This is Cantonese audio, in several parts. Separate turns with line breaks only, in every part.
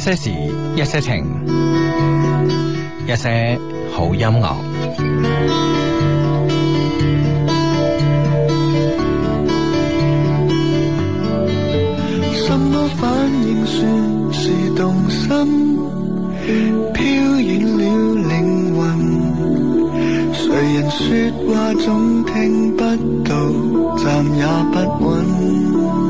一些事，一些情，一些好音樂。
什麼反應算是動心？飄遠了靈魂，誰人說話總聽不到，站也不穩。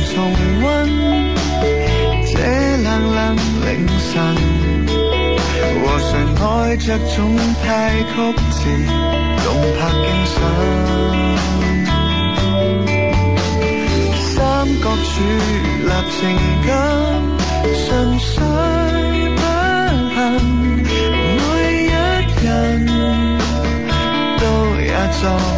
重溫這冷冷凌晨，和誰愛着總太曲折，動魄驚心。三角柱立情感，尚需不幸，每一人都也在。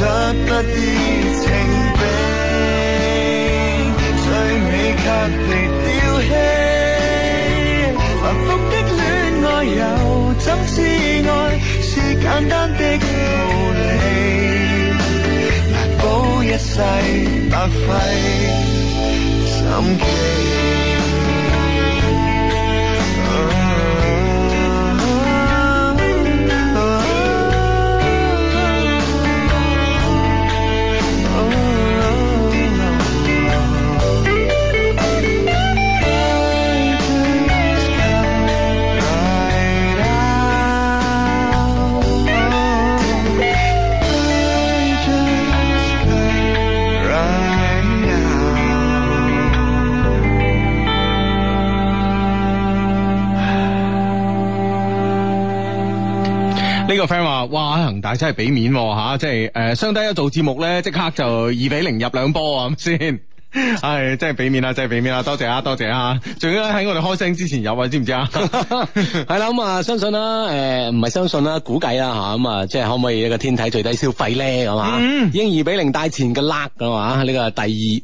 得不到情悲，最美卻被丟棄。繁複的戀愛又怎知愛是簡單的道理？難保一世白費心機。
呢個 friend 話，哇，恒大真係俾面喎，吓，即係誒，雙低一做節目咧，即刻就二比零入兩波，啊。咁、呃、先？係真係俾面啦，真係俾面啦，多謝啊，多謝啊！仲要喺我哋開聲之前有入，知唔知啊？係 啦， 咁啊，相信啦，誒、呃，唔係相信啦，估計啦吓，咁啊，即係可唔可以一個天體最低消費咧？係嘛、嗯，應二比零帶前嘅 Lack 嘅嘛，呢個係第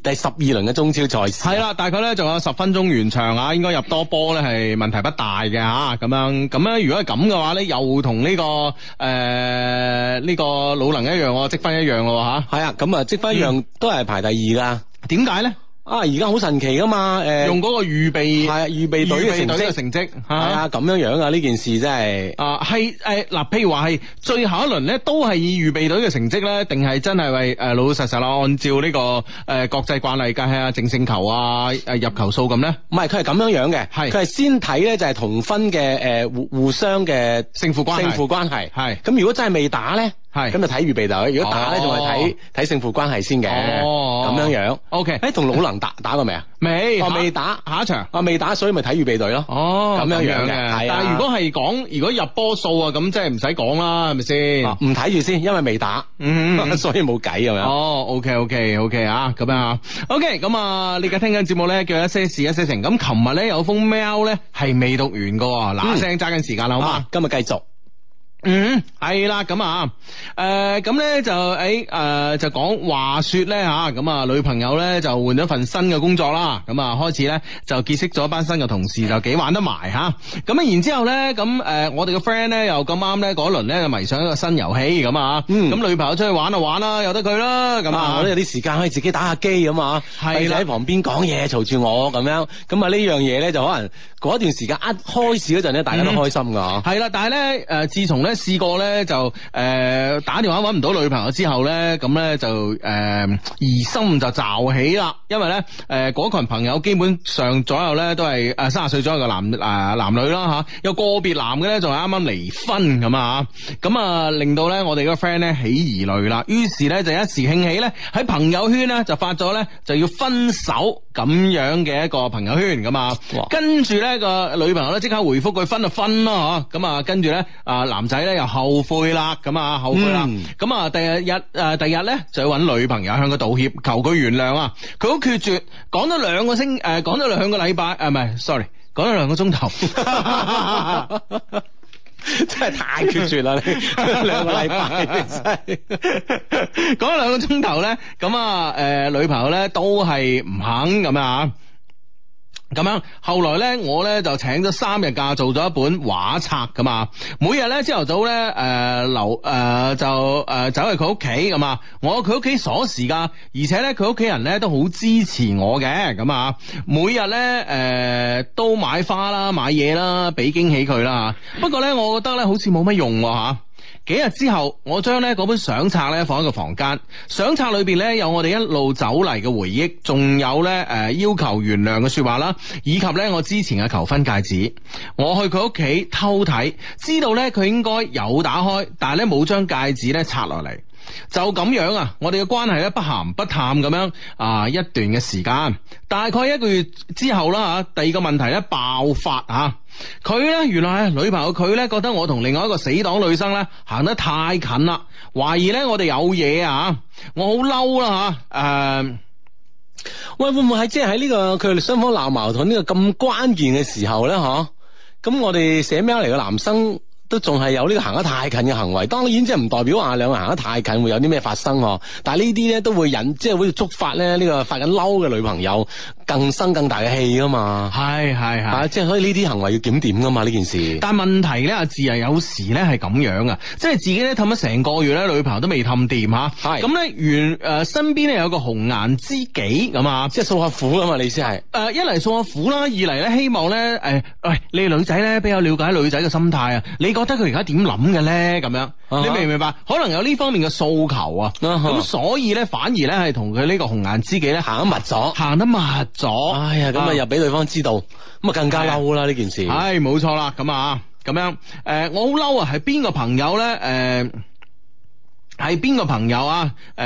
二第十二輪嘅中超賽事係啦，大概咧仲有十分鐘完場啊，應該入多波咧係問題不大嘅吓，咁、啊、樣咁咧，如果係咁嘅話咧，又同呢、這個誒呢、呃這個魯能一樣、哦，積分一樣咯、哦、吓，係啊，咁啊積分一樣、嗯、都係排第二噶。點解咧？啊，而家好神奇噶嘛！誒，用嗰個預備系啊，預備隊嘅成績，係啊，咁樣樣啊，呢件事真係啊，係誒，嗱、啊，譬如話係最後一輪咧，都係以預備隊嘅成績咧，定係真係為誒老、呃、老實實啦，按照呢、這個誒、呃、國際慣例噶，係啊，淨勝球啊，誒入球數咁咧？唔係，佢係咁樣樣嘅，係佢係先睇咧就係、是、同分嘅誒、呃、互互相嘅勝負關係，勝負關係系。咁係、係、如果真係未打咧？係咁就睇預備隊，如果打咧仲係睇睇勝負關係先嘅，咁樣樣。O K，誒，同魯能打打過未啊？未，未打下一場，我未打，所以咪睇預備隊咯。哦，咁樣樣嘅。但係如果係講如果入波數啊，咁即係唔使講啦，係咪先？唔睇住先，因為未打，所以冇計咁樣。哦，O K，O K，O K 啊，咁樣啊。O K，咁啊，你而家聽緊節目咧叫一些事一些情。咁琴日咧有封 mail 咧係未讀完噶，嗱，聲揸緊時間啦，好嘛，今日繼續。嗯，係啦，咁啊，誒、呃，咁咧就誒，誒、欸呃，就講話說咧吓，咁啊，女朋友咧就換咗份新嘅工作啦，咁啊，開始咧就結識咗班新嘅同事，就幾玩得埋吓，咁啊，啊，然之後咧，咁、啊、誒，我哋嘅 friend 咧又咁啱咧嗰輪咧就迷上一個新遊戲咁啊，咁女朋友出去玩就玩啦，由得佢啦，咁啊，我都有啲時間可以自己打下機咁啊，係就喺旁邊講嘢嘈住我咁樣，咁啊呢樣嘢咧就可能。一段時間一開始嗰陣咧，大家都開心噶嚇。係啦、嗯，但係咧，誒、呃、自從咧試過咧就誒、呃、打電話揾唔到女朋友之後咧，咁咧就誒、呃、疑心就皺起啦。因為咧，誒、呃、群朋友基本上左右咧都係誒卅歲左右嘅男誒、呃、男女啦吓、啊、有個別男嘅咧仲係啱啱離婚咁啊嚇，咁啊令到咧我哋個 friend 咧起疑慮啦，於是咧就一時興起咧喺朋友圈咧就發咗咧就要分手咁樣嘅一個朋友圈噶啊跟住咧。呢個女朋友咧即刻回覆佢，分就分咯、啊、嗬，咁啊跟住咧啊男仔咧又後悔啦，咁啊後悔啦，咁啊、嗯、第日日誒第日咧就要搵女朋友向佢道歉，求佢原諒啊，佢好決絕，講咗兩個星誒，講咗兩個禮拜啊唔係，sorry，講咗兩個鐘頭， 真係太決絕啦，你兩個禮拜，講咗兩個鐘頭咧，咁啊誒、呃、女朋友咧都係唔肯咁啊。咁樣，後來咧，我咧就請咗三日假，做咗一本畫冊噶嘛。每日咧朝頭早咧，誒留誒就誒、呃呃、走嚟佢屋企咁啊。我有佢屋企鎖匙噶，而且咧佢屋企人咧都好支持我嘅咁啊。每日咧誒、呃、都買花啦，買嘢啦，俾驚喜佢啦。不過咧，我覺得咧好似冇乜用吓、啊。幾日之後，我將咧本相冊咧放喺個房間，相冊裏邊咧有我哋一路走嚟嘅回憶，仲有咧誒要求原諒嘅說話啦，以及咧我之前嘅求婚戒指。我去佢屋企偷睇，知道咧佢應該有打開，但係咧冇將戒指咧拆落嚟。就咁樣啊！我哋嘅關係咧，不咸不淡咁樣啊，一段嘅時間，大概一個月之後啦吓、啊，第二個問題咧爆發啊。佢咧原來係女朋友，佢咧覺得我同另外一個死黨女生咧行得太近啦，懷疑咧我哋有嘢啊！我好嬲啦吓，誒、啊，啊、喂，會唔會係即係喺呢個佢哋雙方鬧矛盾呢個咁關鍵嘅時候咧？吓、啊，咁我哋寫咩嚟嘅男生？都仲係有呢個行得太近嘅行為，當然即係唔代表話兩個行得太近會有啲咩發生呵，但係呢啲咧都會引即係會觸發咧、呢、呢個發緊嬲嘅女朋友。更生更大嘅氣啊嘛，係係係，即係所以呢啲行為要檢點噶嘛呢件事。但係問題咧，阿智啊，有時咧係咁樣啊，即係自己咧氹咗成個月咧，女朋友都未氹掂吓，係。咁咧，原誒身邊咧有個紅顏知己咁啊，即係訴下苦啊嘛，你意思係。誒，一嚟訴下苦啦，二嚟咧希望咧，誒，喂，你女仔咧比較了解女仔嘅心態啊，你覺得佢而家點諗嘅咧？咁樣，你明唔明白？可能有呢方面嘅訴求啊，咁所以咧反而咧係同佢呢個紅顏知己咧行得密咗，行得密。咗，哎呀，咁啊又俾對方知道，咁啊、呃、更加嬲啦呢件事。係冇錯啦，咁啊，咁樣，誒、呃，我好嬲啊，係邊個朋友咧？誒、呃，係、呃、邊、啊那個朋友啊？誒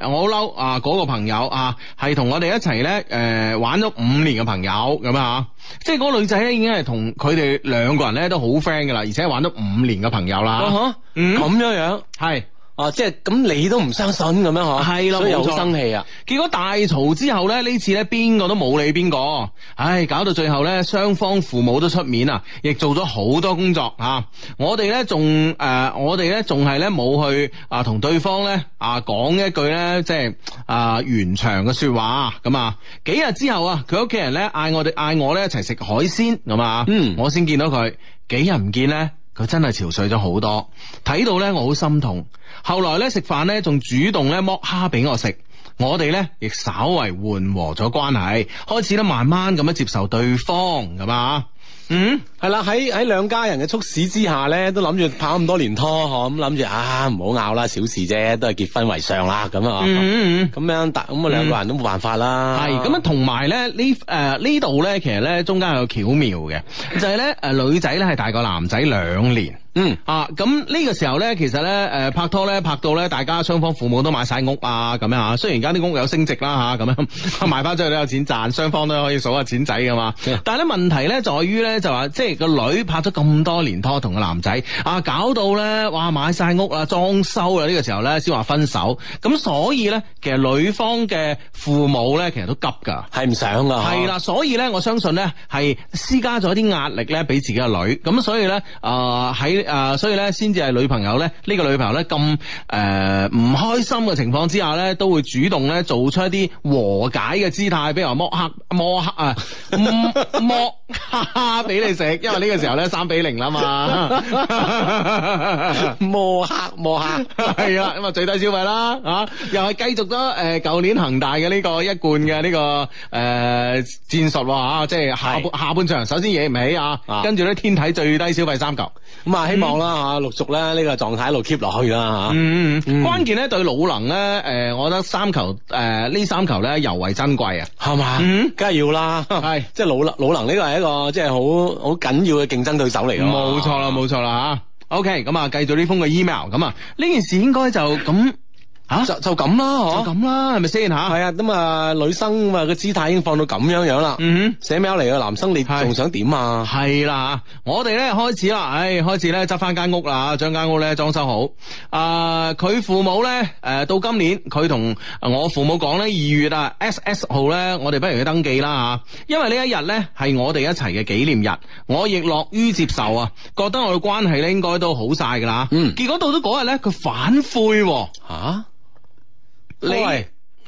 誒，我好嬲啊，嗰個朋友啊，係同我哋一齊咧，誒，玩咗五年嘅朋友，咁啊，即係嗰個女仔咧，已經係同佢哋兩個人咧都好 friend 噶啦，而且玩咗五年嘅朋友啦，呃、嗯，咁樣樣係。啊，即係咁，你都唔相信咁樣嗬？係啦，所以好生氣啊！結果大嘈之後咧，呢次咧邊個都冇理邊個，唉，搞到最後咧，雙方父母都出面啊，亦做咗好多工作啊。我哋咧仲誒，我哋咧仲係咧冇去啊，同對方咧啊講一句咧，即係啊，圓場嘅說話咁啊。幾日之後啊，佢屋企人咧嗌我哋嗌我咧一齊食海鮮咁啊。嗯，我先見到佢幾日唔見咧，佢真係憔悴咗好多，睇到咧我好心痛。後來咧食飯咧，仲主動咧剝蝦俾我食，我哋咧亦稍為緩和咗關係，開始咧慢慢咁樣接受對方，咁啊，嗯，係啦，喺喺兩家人嘅促使之下咧，都諗住跑咁多年拖，嗬，咁諗住啊，唔好拗啦，小事啫，都係結婚為上啦，咁啊、嗯嗯，嗯嗯咁樣大，咁啊兩個人都冇辦法啦，係，咁啊同埋咧呢誒呢度咧，呃、其實咧中間有巧妙嘅，就係咧誒女仔咧係大過男仔兩年。嗯啊，咁、這、呢個時候咧，其實咧，誒、呃、拍拖咧，拍到咧，大家雙方父母都買晒屋啊，咁樣啊，雖然而家啲屋有升值啦、啊、吓，咁樣、啊、賣翻出去都有錢賺，雙方都可以數下錢仔噶嘛。嗯、但係咧問題咧在於咧就話，即係個女拍咗咁多年拖同個男仔，啊搞到咧哇買晒屋啦，裝修啦，呢、這個時候咧先話分手，咁所以咧其實女方嘅父母咧其實都急噶，係唔想噶，係啦了、啊，所以咧我相信咧係施加咗啲壓力咧俾自己個女，咁所以咧啊喺。呃呃呃呃啊、呃，所以咧，先至係女朋友咧，呢、這個女朋友咧咁誒唔開心嘅情況之下咧，都會主動咧做出一啲和解嘅姿態，比如話摸黑摸黑啊摸。 哈哈，俾 你食，因為呢個時候咧三比零啦嘛，磨 客磨客係啊，咁 啊最低消費啦，啊又係繼續咗誒，舊、呃、年恒大嘅呢、這個一貫嘅呢個誒、呃、戰術喎、啊，啊即係下半是下半場首先惹唔起啊，啊跟住咧天體最低消費三球，咁啊、嗯、希望啦吓，陸續咧呢、這個狀態一路 keep 落去啦
吓、
嗯。嗯嗯，關鍵咧對魯能咧誒、呃，我覺得三球誒呢、呃、三球咧尤為珍貴啊，係嘛吧，梗係、嗯、要啦，係即係老老魯能呢個係一。個即係好好緊要嘅競爭對手嚟噶，冇錯啦，冇錯啦吓。OK，咁啊，繼續呢封嘅 email，咁啊，呢件事應該就咁。吓就就咁啦，就咁啦，係咪先吓？係啊，咁吧啊，啊、呃，女生啊個姿態已經放到咁樣樣啦。嗯哼，寫咩嚟個男生你，你仲想點啊？係啦、啊，我哋咧開始啦，唉，開始咧執翻間屋啦，將間屋咧裝修好。啊、呃，佢父母咧，誒、呃，到今年佢同我父母講咧，二月啊，S S 號咧，我哋不如去登記啦吓。因為一呢一日咧係我哋一齊嘅紀念日，我亦樂於接受啊，覺得我嘅關係咧應該都好晒噶啦。嗯，結果到咗嗰日咧，佢反悔、啊。吓、啊？理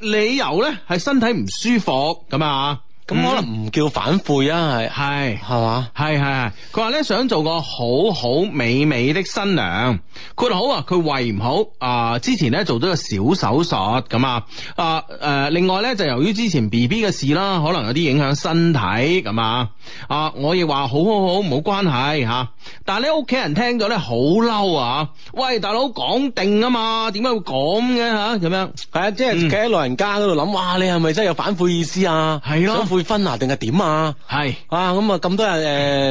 你理由咧係身體唔舒服咁啊。咁、嗯、可能唔叫反悔啊，係係係嘛，係係係。佢話咧想做個好好美美的新娘。佢話好啊，佢胃唔好啊、呃，之前咧做咗個小手術咁啊啊誒，另外咧就由於之前 B B 嘅事啦，可能有啲影響身體咁啊啊，我亦話好好好，冇關係吓、啊。但係咧屋企人聽咗咧好嬲啊！喂，大佬講定啊嘛，點解會咁嘅吓？咁樣係啊，嗯、即係企喺老人家嗰度諗，哇！你係咪真係有反悔意思啊？係咯。會分是啊？定係點啊？係啊！咁啊，咁多日誒，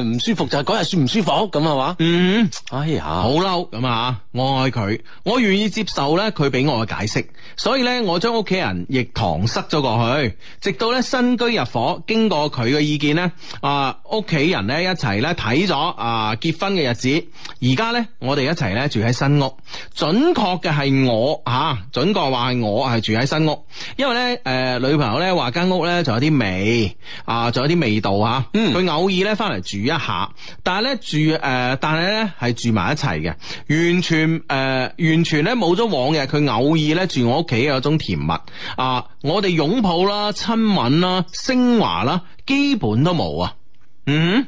唔、呃、舒服就係嗰日算唔舒服咁係嘛？嗯，哎呀，好嬲咁啊！我愛佢，我願意接受咧佢俾我嘅解釋，所以咧我將屋企人亦搪塞咗過去，直到咧新居入伙。經過佢嘅意見咧啊，屋、呃、企人咧一齊咧睇咗啊結婚嘅日子，而家咧我哋一齊咧住喺新屋，準確嘅係我吓、啊，準確話係我係住喺新屋，因為咧誒、呃、女朋友咧話間屋咧仲有啲美。啊，仲有啲味道吓，佢、嗯、偶爾咧翻嚟住一下，但係咧住誒、呃，但係咧係住埋一齊嘅，完全誒、呃，完全咧冇咗往日佢偶爾咧住我屋企有種甜蜜啊、呃，我哋擁抱啦、親吻啦、升華啦，基本都冇啊，嗯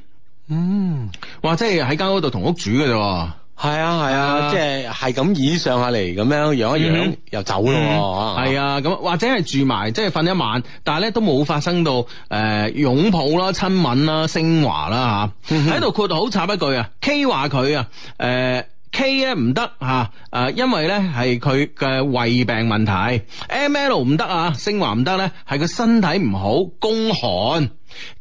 嗯，或者係喺間嗰度同屋住嘅啫。係啊係啊，啊即係係咁以上下嚟咁樣，樣一樣、嗯、哼又走咯。係、嗯、啊，咁或者係住埋，即係瞓一晚，但係咧都冇發生到誒擁抱啦、親、呃、吻啦、升華啦吓。喺、啊、度、嗯、哼括到好插一句啊，K 話佢、呃、啊，誒 K 咧唔得吓，誒因為咧係佢嘅胃病問題，M L 唔得啊，升華唔得咧，係佢身體唔好，宮寒，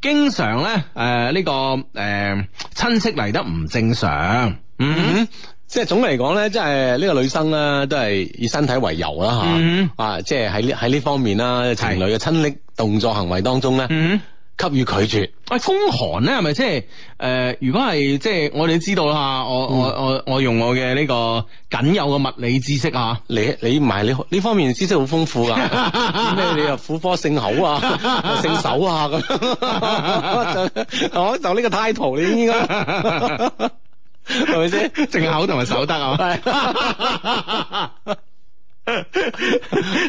經常咧誒呢、呃呢個誒親戚嚟得唔正常。嗯
哼，
即係總嚟講咧，即係呢個女生咧，都係以身體為由啦吓，嗯、哼啊，即係喺喺呢方面啦，情侶嘅親昵動作行為當中咧，給予、嗯、哼拒絕。喂、啊，風寒咧係咪即係？誒、就是呃，如果係即係我哋知道吓，我、嗯、我我我用我嘅呢、這個僅有嘅物理知識啊，你你唔係你呢方面知識好豐富噶，咩？ 你又婦科聖口啊，聖手 啊
咁
我就呢個 title 你應該。 係咪先淨口同埋手得啊、mm？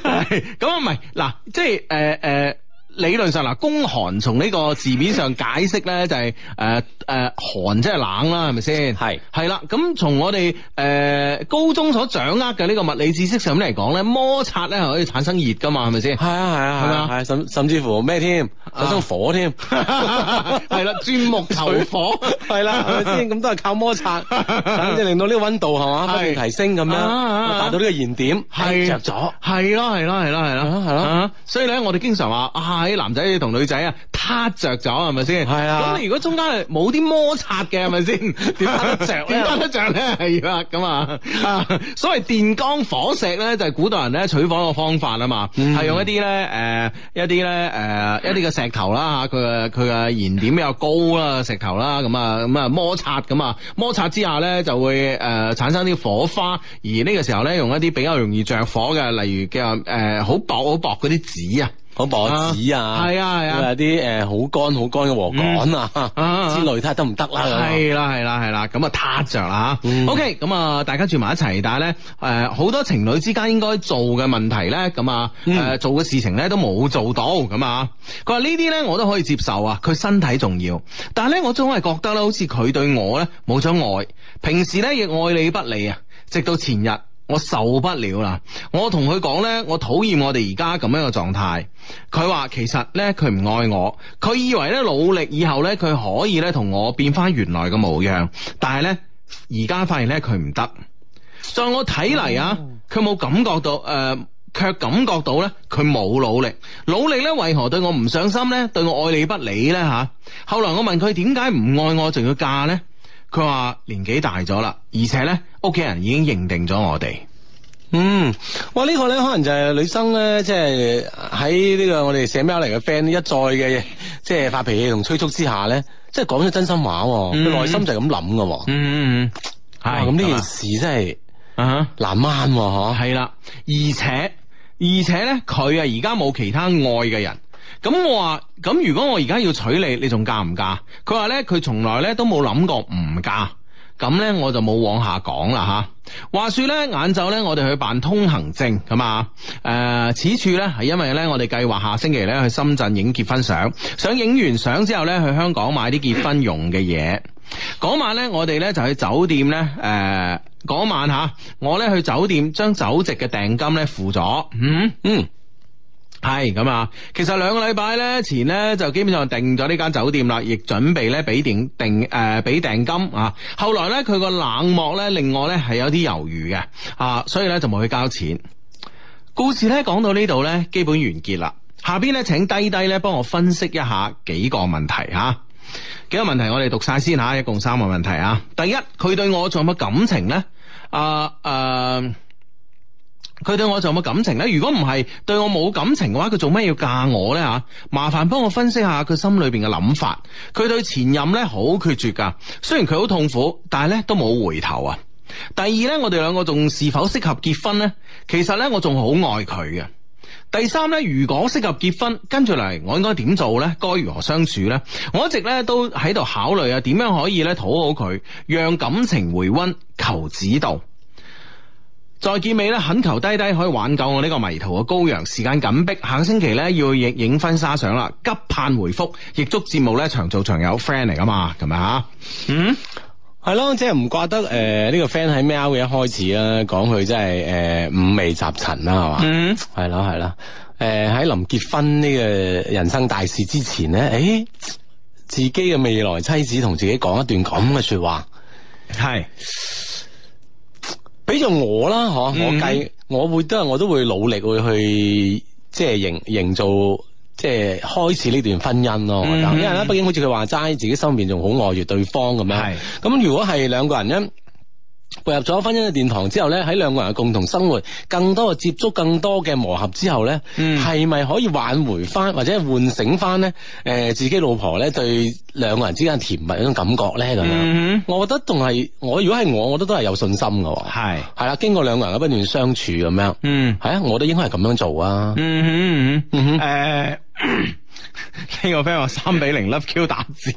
係咁啊，唔係嗱，即係誒誒。呃呃理論上嗱，宮寒從呢個字面上解釋咧，就係誒誒寒即係冷啦，係咪先？係係啦。咁從我哋誒高中所掌握嘅呢個物理知識上面嚟講咧，摩擦咧係可以產生熱噶嘛，係咪先？係啊係啊係啊係，甚甚至乎咩添？產生火添？係啦，鑽木取火，係啦，係咪先？咁都係靠摩擦，即係令到呢個溫度係嘛不斷提升咁樣，達到呢個燃點，係着咗。係咯係咯係咯係咯係咯，所以咧我哋經常話啊～啲男仔同女仔是啊，撻着咗，係咪先？係啊。咁你如果中間係冇啲摩擦嘅，係咪先？點 得着？點得着咧？係啦，咁啊。所謂電光火石咧，就係古代人咧取火個方法啊嘛。係用一啲咧，誒、呃，一啲咧，誒、呃，一啲嘅石頭啦吓，佢嘅佢嘅燃點比較高啦，石頭啦。咁啊，咁啊，摩擦咁啊，摩擦之下咧就會誒產生啲火花。而呢個時候咧，用一啲比較容易着火嘅，例如叫誒好薄好薄嗰啲紙啊。好薄紙啊！係啊係啊！有啲誒好乾好乾嘅和講啊，啊，啊之類，睇下得唔得啦？係啦係啦係啦！咁啊，攤着啦 OK，咁啊，大家住埋一齊，但係咧誒，好多情侶之間應該做嘅問題咧，咁啊誒做嘅事情咧都冇做到，咁啊，佢話呢啲咧我都可以接受啊，佢身體重要，但係咧我總係覺得咧好似佢對我咧冇咗愛，平時咧亦愛理不理啊，直到前日。我受不了啦！我同佢講呢，我討厭我哋而家咁樣嘅狀態。佢話其實呢，佢唔愛我，佢以為呢，努力以後呢，佢可以呢同我變翻原來嘅模樣。但係呢，而家發現呢，佢唔得。在我睇嚟啊，佢冇感覺到誒，卻、呃、感覺到呢，佢冇努力。努力呢，為何對我唔上心呢？對我愛理不理呢？吓、啊？後來我問佢點解唔愛我仲要嫁呢？佢話年紀大咗啦，而且咧，屋企人已經認定咗我哋。嗯，哇、這個、呢個咧可能就係女生咧，即係喺呢個我哋寫 mail 嚟嘅 friend 一再嘅即係發脾氣同催促之下咧，即係講出真心話，佢內、嗯、心就係咁諗噶。嗯
嗯嗯，係咁呢件事
真係啊難 man 嗬，係啦、嗯嗯，而且而且咧佢啊而家冇其他愛嘅人。咁我話咁如果我而家要娶你，你仲嫁唔嫁？佢話呢，佢從來呢都冇諗過唔嫁，咁呢，我就冇往下講啦吓。話說呢，晏晝呢，我哋去辦通行證咁啊，誒、呃，此處呢，係因為呢，我哋計劃下星期呢去深圳影結婚相，想影完相之後呢，去香港買啲結婚用嘅嘢。嗰 晚呢，我哋呢就去酒店呢。誒、呃，嗰晚吓我呢去酒店將酒席嘅訂金呢付咗，嗯嗯。係咁啊，其實兩個禮拜咧前呢，就基本上訂咗呢間酒店啦，亦準備咧俾訂訂誒俾訂金啊。後來咧佢個冷漠呢，令我呢係有啲猶豫嘅啊，所以呢就冇去交錢。故事呢講到呢度呢，基本完結啦。下邊呢，請低低呢幫我分析一下幾個問題吓、啊，幾個問題我哋讀晒先吓，一共三個問題啊。第一，佢對我仲有乜感情呢？啊誒。啊佢對我仲有冇感情呢？如果唔係對我冇感情嘅話，佢做咩要嫁我呢？吓？麻煩幫我分析下佢心裏邊嘅諗法。佢對前任呢，好決絕噶，雖然佢好痛苦，但係呢都冇回頭啊。第二呢，我哋兩個仲是否適合結婚呢？其實呢，我仲好愛佢嘅。第三呢，如果適合結婚，跟住嚟我應該點做呢？該如何相處呢？我一直呢都喺度考慮啊，點樣可以呢討好佢，讓感情回温，求指導。再見尾咧，懇求低低可以挽救我呢個迷途嘅羔羊。時間緊迫，下個星期咧要去影影婚紗相啦，急盼回覆。亦祝節目咧長做長有 friend 嚟噶嘛，係咪啊？嗯、mm，係、hmm. 咯，即係唔覺得誒呢、呃這個 friend 喺喵嘅一開始啦，講佢真係誒五味雜陳啦，係嘛？嗯、mm，係啦係啦，誒喺臨結婚呢個人生大事之前咧，誒、欸、自己嘅未來妻子同自己講一段咁嘅說話，係、mm。Hmm. 俾咗我啦，嗬、嗯哼！我計我會都係，我都會努力會去，即係營營造，即係開始呢段婚姻咯。我覺得嗯、哼因為咧，畢竟好似佢話齋，自己心入面仲好愛住對方咁樣。咁是如果係兩個人咧，步入咗婚姻嘅殿堂之後咧，喺兩個人嘅共同生活，更多嘅接觸，更多嘅磨合之後咧，係咪、嗯、可以挽回翻或者喚醒翻咧？誒、呃，自己老婆咧對兩個人之間甜蜜嗰種感覺咧，咁樣、嗯哼，我覺得仲係我如果係我，我覺得都係有信心㗎。係係啦，經過兩個人嘅不斷相處咁樣，係啊、嗯哎，我都應該係咁樣做啊、嗯。嗯哼，誒、 嗯。呢個 friend 話三比零，love Q 打折，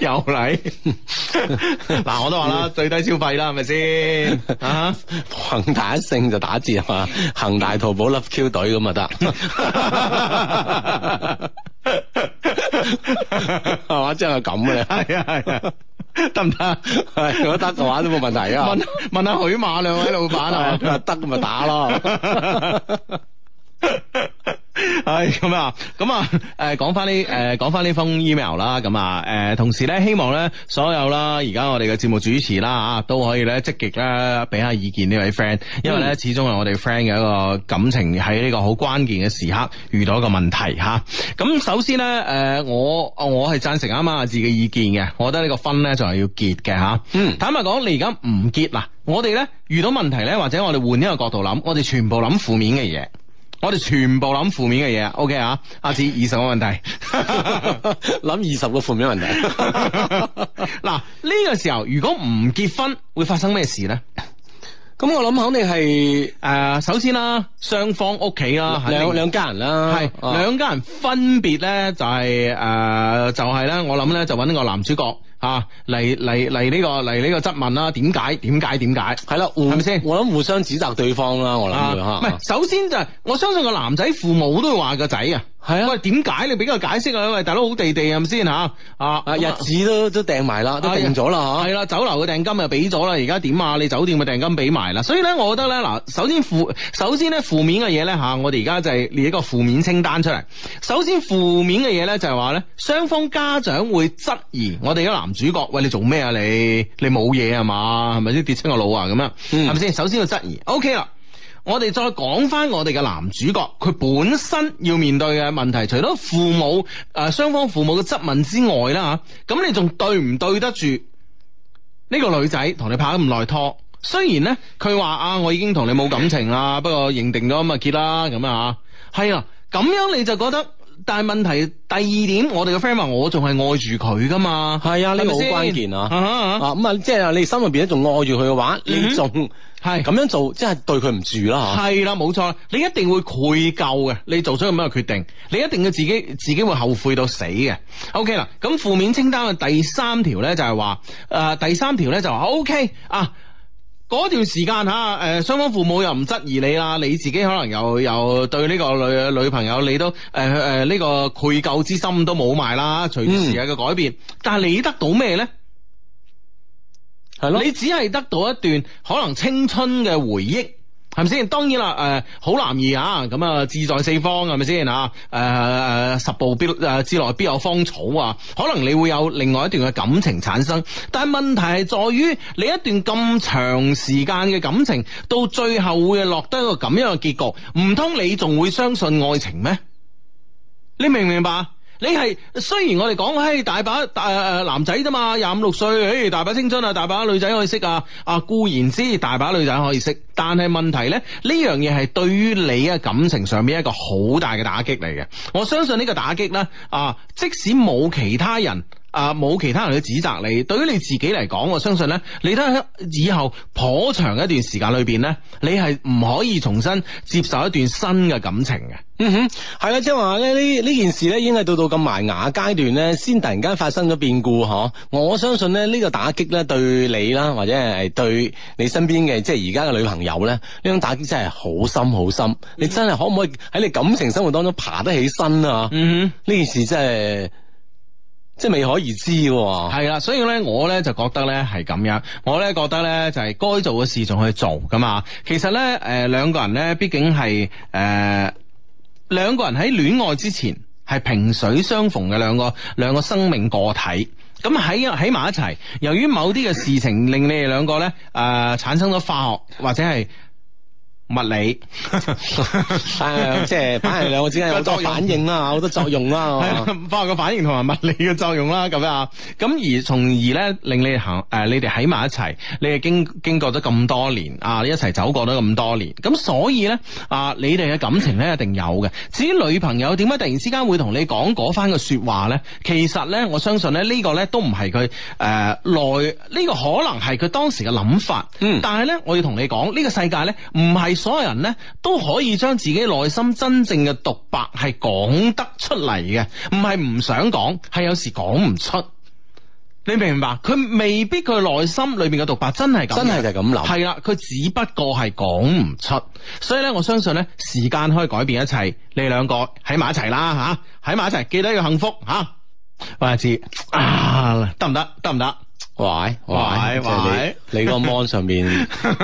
又嚟。嗱，我都話啦，最低消費啦，係咪先？Uh huh? 恒大一勝就打折係嘛？恒大淘寶 love Q 隊咁啊得，係嘛？ 即係咁嘅咧。係啊係啊，得唔得？係、啊、 如果得嘅話都冇問題啊。問問下許馬兩位 老闆啊，得咁咪打咯。唉，咁啊，咁、呃、啊，誒，講翻呢，誒，講翻呢封 email 啦，咁啊，誒，同時咧，希望咧，所有啦，而家我哋嘅節目主持啦，啊，都可以咧，積極咧，俾下意見呢位 friend，因為咧，始終係我哋 friend 嘅一個感情喺呢個好關鍵嘅時刻遇到一個問題吓。咁、啊、首先咧，誒、呃，我我係贊成啱啱阿馬志嘅意見嘅，我覺得呢個婚咧就係要結嘅吓。嗯。坦白講，你而家唔結嗱，我哋咧遇到問題咧，或者我哋換一個角度諗，我哋全部諗負面嘅嘢。我哋全部諗負面嘅嘢 OK 啊，阿子二十個問題，諗二十個負面問題。嗱，呢個時候如果唔結婚會發生咩事咧？咁我諗肯定係誒、呃，首先啦，雙方屋企啦，兩定兩家人啦、啊，係是、啊、兩家人分別咧就係誒，就係、是、咧、呃就是，我諗咧就揾呢個男主角。吓嚟嚟嚟呢個嚟呢個質問啦？點解？點解？點解？係啦吧，係咪先？我諗互相指責對方啦，我諗吓。唔係、啊，啊、首先就係、是啊、我相信個男仔父母都會話個仔啊。係啊，喂，點解你俾個解釋啊？喂，大佬好地地係咪先吓？啊啊，日子都、啊、都訂埋啦，都訂咗啦吓。係啦了、啊，酒樓嘅訂金又俾咗啦，而家點啊？你酒店嘅訂金俾埋啦。所以咧，我覺得咧嗱，首先負，首先咧負面嘅嘢咧吓，我哋而家就係列一個負面清單出嚟。首先負面嘅嘢咧就係話咧，雙方家長會質疑我哋個男主角，喂，你做咩啊你？你冇嘢啊嘛？係咪先跌親個腦啊咁啊？係咪先？首先要質疑，OK 啦。我哋再講翻我哋嘅男主角，佢本身要面對嘅問題，除咗父母誒雙、呃、方父母嘅質問之外啦咁、啊、你仲對唔對得住呢個女仔同你拍咁耐拖？雖然呢，佢話啊我已經同你冇感情啦，不過認定咗咁結啦咁啊，係啊，咁樣你就覺得。但係問題第二點，我哋嘅 friend 話我仲係愛住佢噶嘛？係啊，呢個好關鍵啊！咁 啊，即係你心入邊咧仲愛住佢嘅話，你仲係咁樣做，嗯嗯即係對佢唔住啦！係啦，冇錯，你一定會愧疚嘅。你做出咁樣嘅決定，你一定要自己自己會後悔到死嘅。OK 啦，咁負面清單嘅第三條呢，就係話，誒，第三條呢，就話 OK 啊。嗰段時間吓，誒、呃，雙方父母又唔質疑你啦，你自己可能又又對呢個女女朋友，你都誒誒呢個愧疚之心都冇埋啦，隨住時日嘅改變，嗯、但係你得到咩咧？係咯？你只係得到一段可能青春嘅回憶。係咪先？當然啦，誒、呃，好男兒啊，咁啊，志在四方，係咪先啊？誒誒，十步必、啊、之內必有芳草啊！可能你會有另外一段嘅感情產生，但係問題係在於，你一段咁長時間嘅感情，到最後會落得一個咁樣嘅結局，唔通你仲會相信愛情咩？你明唔明白？你係雖然我哋講，誒大把誒誒、呃、男仔啫嘛，廿五六歲，誒大把青春啊，大把女仔可以識啊。啊固然之，大把女仔可以識，但係問題咧，呢樣嘢係對於你嘅感情上面一個好大嘅打擊嚟嘅。我相信呢個打擊咧，啊即使冇其他人啊，冇其他人去指責你，對於你自己嚟講，我相信咧，你都係以後頗長一段時間裏邊咧，你係唔可以重新接受一段新嘅感情嘅。嗯哼，係啦，即係話咧呢呢件事咧，已經係到到咁埋牙階段咧，先突然間發生咗變故嗬。我相信咧呢、呢個打擊咧，對你啦，或者係對你身邊嘅即係而家嘅女朋友咧，呢種打擊真係好深好深。嗯、哼你真係可唔可以喺你感情生活當中爬得起身啊？嗯哼，呢件事真係，即係未可而知、啊。係啦，所以咧我咧就覺得咧係咁樣，我咧覺得咧就係該做嘅事仲去做噶嘛。其實咧誒、呃、兩個人咧，畢竟係誒。呃兩個人喺戀愛之前，係萍水相逢嘅兩個兩個生命個體，咁喺喺埋一齊，由於某啲嘅事情令你哋兩個咧誒、呃、產生咗化學或者係。物理，即係反係兩個之間有多反應啦、啊，好、啊、多作用啦、啊，化學嘅反應同埋物理嘅作用啦、啊，咁樣。咁而從而咧，令你哋行誒、呃，你哋喺埋一齊，你哋經經過咗咁多年啊，一齊走過咗咁多年，咁所以咧啊，你哋嘅、啊、感情咧一定有嘅。至於女朋友點解突然之間會同你講嗰番嘅說話咧，其實咧，我相信咧呢個咧都唔係佢誒內呢個可能係佢當時嘅諗法，嗯，但係咧我要同你講呢、這個世界咧唔係。所有人咧都可以將自己內心真正嘅獨白係講得出嚟嘅。唔係唔想講，係有時講唔出。你明唔明白？佢未必佢內心裏面嘅獨白真係咁，真係就咁諗，係啦。佢只不過係講唔出，所以咧，我相信咧，時間可以改變一切。你兩個喺埋一齊啦，吓，喺埋一齊，記得要幸福吓。阿知啊得唔得？得唔得？喂，哎，哇，哇你，哇你個 mon 上面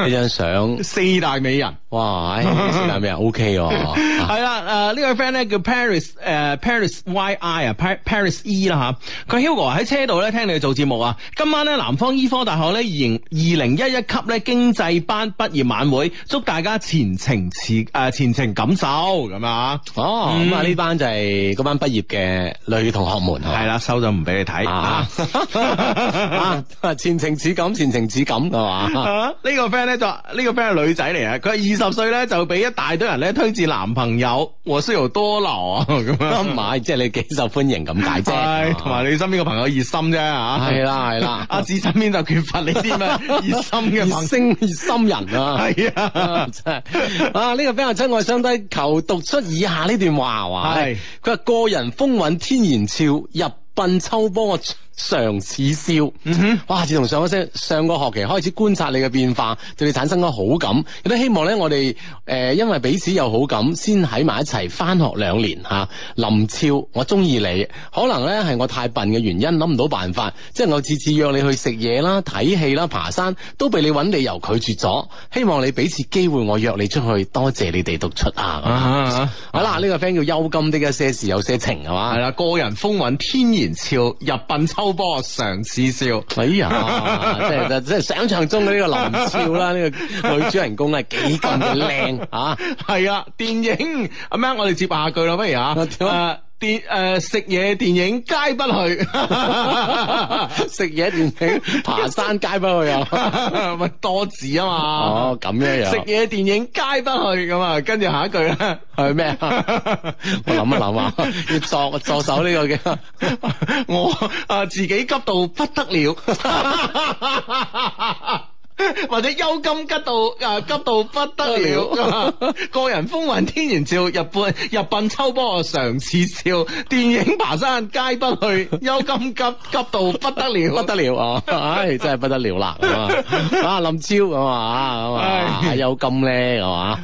一張相 四大美人，哇四大美人 O K 喎，係啦，誒、呃這個、呢位 friend 咧叫 Paris，誒、呃、Paris Y I 啊，Paris E 啦、啊、吓，佢喺車度咧聽你做節目啊，今晚咧南方醫、e、科大學咧二二零一一級咧經濟班畢業晚會，祝大家前程前誒前程錦繡咁啊，哦，咁、嗯嗯嗯、啊呢班就係嗰班畢業嘅女同學們，係、啊、啦，收咗唔俾你睇啊。 前程似錦，前程似錦係嘛？Uh, 個呢、這個 friend 咧就呢個 friend 係女仔嚟啊，佢係二十歲咧就俾一大堆人咧推薦男朋友，我需要多留啊咁啊，唔係 即係你幾受歡迎咁解啫，同埋、 哎、你身邊個朋友熱心啫吓，係啦係啦，阿子身邊就缺乏你啲咩熱心嘅明星熱心人啊，係啊，啊， 啊呢個 friend 係真愛相低，求讀出以下呢段話，係係佢話個人風韻天然俏入。 笨秋波我嘗試笑，哇、嗯哼！自從上個星上個學期開始觀察你嘅變化，對你產生咗好感，亦都希望咧，我哋誒，因為彼此有好感，先喺埋一齊翻學兩年吓、啊。林超，我中意你，可能咧係我太笨嘅原因，諗唔到辦法，即係我次次約你去食嘢啦、睇戲啦、爬山，都被你揾理由拒絕咗。希望你俾次機會我約你出去，多謝你哋讀出啊！啊啊啊啊好啦，呢、這個 friend 叫幽金的一些事一些情係嘛？係啦，個人風雲天然。年超入鬢秋波常似笑，哎呀，即係即係想象中嘅呢個林超啦，呢 個女主人公係幾咁靚吓，係 啊，啊，電影阿 May， 啊、我哋接下句啦，不如吓。啲、呃、食嘢電影街不去， 食嘢電影爬山街不去啊！咪 多字啊嘛！哦，咁樣樣食嘢電影街不去咁啊，跟 住下一句咧係咩？ 我諗一諗啊， 要助助手呢個嘅 我啊，自己急到不得了。 或者憂金急到啊，急到不得了，得了 個人風雲天然照，日本日本秋波常似笑，電影爬山皆不去，憂金急急到不得了，不得了哦，係、啊哎、真係不得了啦， 啊林超，咁啊，啊憂金咧係嘛，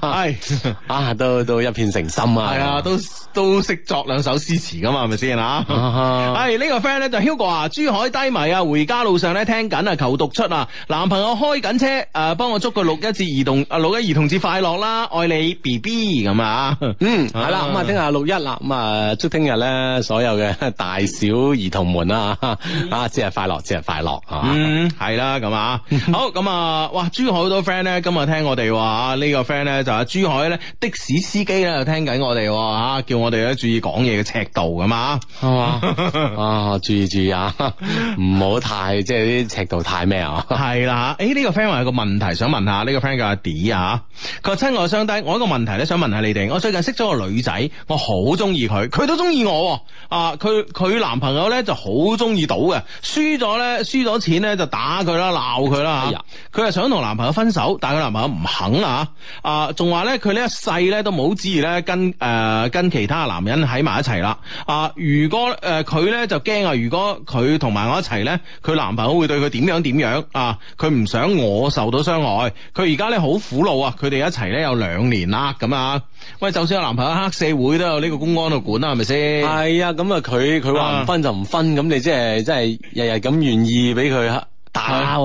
啊都都一片誠心啊，係啊都都識作兩首詩詞噶嘛係咪先啊？係呢個 friend 咧就 Hugo 啊，珠海低迷啊，回家路上咧聽緊啊，求獨出啊，男朋友開。緊車誒，幫我祝個六一節兒童啊，六一兒童節快樂啦，愛你 B B 咁啊，嗯，係啦，咁啊聽日六一啦，咁啊祝聽日咧所有嘅大小兒童們啦、啊，啊，節日快樂，節日快樂，係、嗯啊、啦，咁啊， 好，咁、嗯、啊，哇，珠海好多 friend 咧，今日聽我哋話、這個、呢個 friend 咧就喺、是、珠海咧的士司機咧就聽緊我哋吓，叫我哋咧注意講嘢嘅尺度噶嘛。啊， 啊，注意注意啊，唔好太即係啲尺度太咩啊，係 啦，誒呢個。欸欸欸個 friend 話有一個問題想問下。呢、這個 friend 叫阿 D ee, 啊，佢話親愛相兄我一個問題咧想問下你哋，我最近識咗個女仔，我好中意佢，佢都中意我、哦、啊，佢佢男朋友咧就好中意賭嘅，輸咗咧輸咗錢咧就打佢啦，鬧佢啦，佢係想同男朋友分手，但係佢男朋友唔肯啦，啊仲話咧佢呢一世咧都冇旨意咧跟誒、呃、跟其他男人喺埋一齊啦，啊如果誒佢咧就驚啊，如果佢同埋我一齊咧，佢男朋友會對佢點樣點樣啊，佢唔想。我受到傷害，佢而家咧好苦惱啊。佢哋一齊咧有兩年啦，咁啊喂，就算有男朋友黑社會，都有呢個公安度管啦，係咪先？係啊，咁啊，佢佢話唔分就唔分，咁你即係即係日日咁願意俾佢打，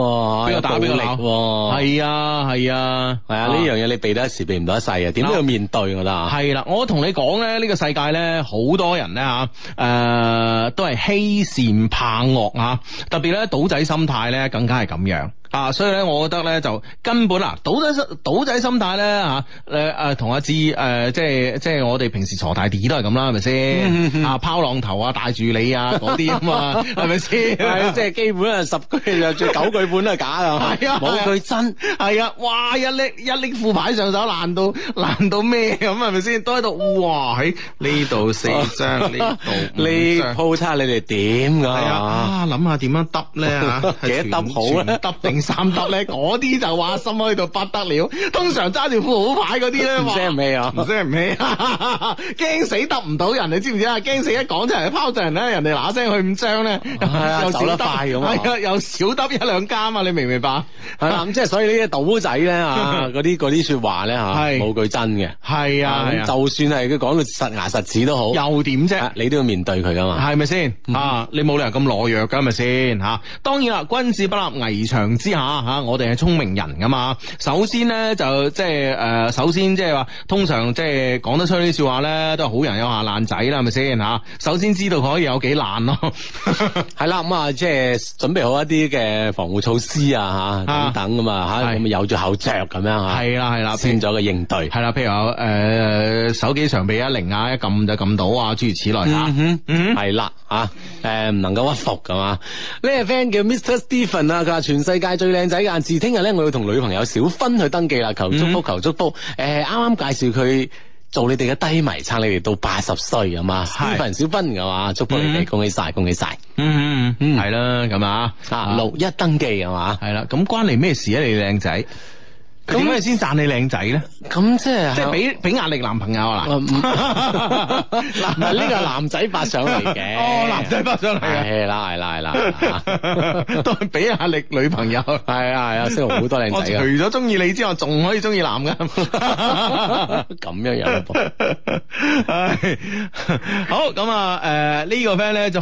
俾佢打，俾佢鬧，係啊，係啊，係啊，呢樣嘢你避得一時，避唔到一世啊。點都要面對，啊、我得係啦。我同你講咧，呢個世界咧好多人咧吓誒，都係欺善怕惡啊，特別咧賭仔心態咧更加係咁樣。啊，所以咧，我覺得咧就根本啊，賭仔心賭仔心態咧嚇，誒誒同阿志，誒，即係即係我哋平時鋤大 D 都係咁啦，係咪先？啊，拋浪頭啊，帶住你啊嗰啲啊嘛，係咪先？即係基本啊十句約住九句半都係假啊，冇句真係啊！哇，一拎一搦副牌上手爛到爛到咩咁係咪先？都喺度哇喺呢度四張呢度呢鋪差你哋點㗎？啊，諗下點樣揼咧嚇？幾多好三得咧，嗰啲就話心喺到不得了，通常揸住副好牌嗰啲咧，唔識唔起啊，唔識唔起，驚死得唔到人，你知唔知啊？驚死一講就人拋著人咧，人哋嗱嗱聲去五張咧，又走得快咁啊，又少得一兩家啊，你明唔明白啊？咁即係所以呢啲賭仔咧啊，嗰啲嗰啲説話咧嚇，冇句真嘅，係啊，就算係佢講到實牙實齒都好，又點啫？你都要面對佢噶嘛，係咪先啊？你冇理由咁懦弱噶，係咪先嚇？當然啦，君子不立危牆之。吓吓、啊，我哋係聰明人噶嘛。首先咧就即係誒首先即係話通常即、就、係、是、講得出呢啲笑話咧，都係好人有下爛仔啦，係咪先吓，首先知道佢可以有幾爛咯。係啦，咁啊，即 係、 嗯就是、準備好一啲嘅防護措施啊吓、啊啊、等等噶嘛嚇，咁有著口罩咁樣嚇。係啦係啦，先咗個應對係啦，譬如有誒手機常備一零啊，一撳就撳到啊，諸如此類吓嗯嗯，係啦，吓誒唔能夠屈服噶嘛。呢個 friend 叫 Mr Stephen 啊，佢話、啊啊啊啊啊啊啊、全世界。最靚仔噶，至聽日咧，我要同女朋友小芬去登記啦。求祝福，嗯、哼求祝福。誒、呃，啱啱介紹佢做你哋嘅低迷，撐你哋到八十歲咁啊！是是是小芬，小芬，㗎嘛？祝福你哋、嗯哼，恭喜晒，恭喜晒。嗯嗯，係啦，咁啊，啊，六一登記吖嘛？係啦，咁關你咩事啊？你靚仔。點解先讚你靚仔咧？咁即係即係俾俾壓力男朋友啊？嗱、哎，呢個係 男仔發上嚟嘅， 哦，男仔發上嚟嘅？係啦，係啦，係啦，都係俾壓力女朋友，係 啊、哎哎哎哎，係啊，識好多靚仔除咗中意你之外，仲可以中意男噶，咁樣有，一部！好咁啊，誒，呃這個、呢個 friend 咧就。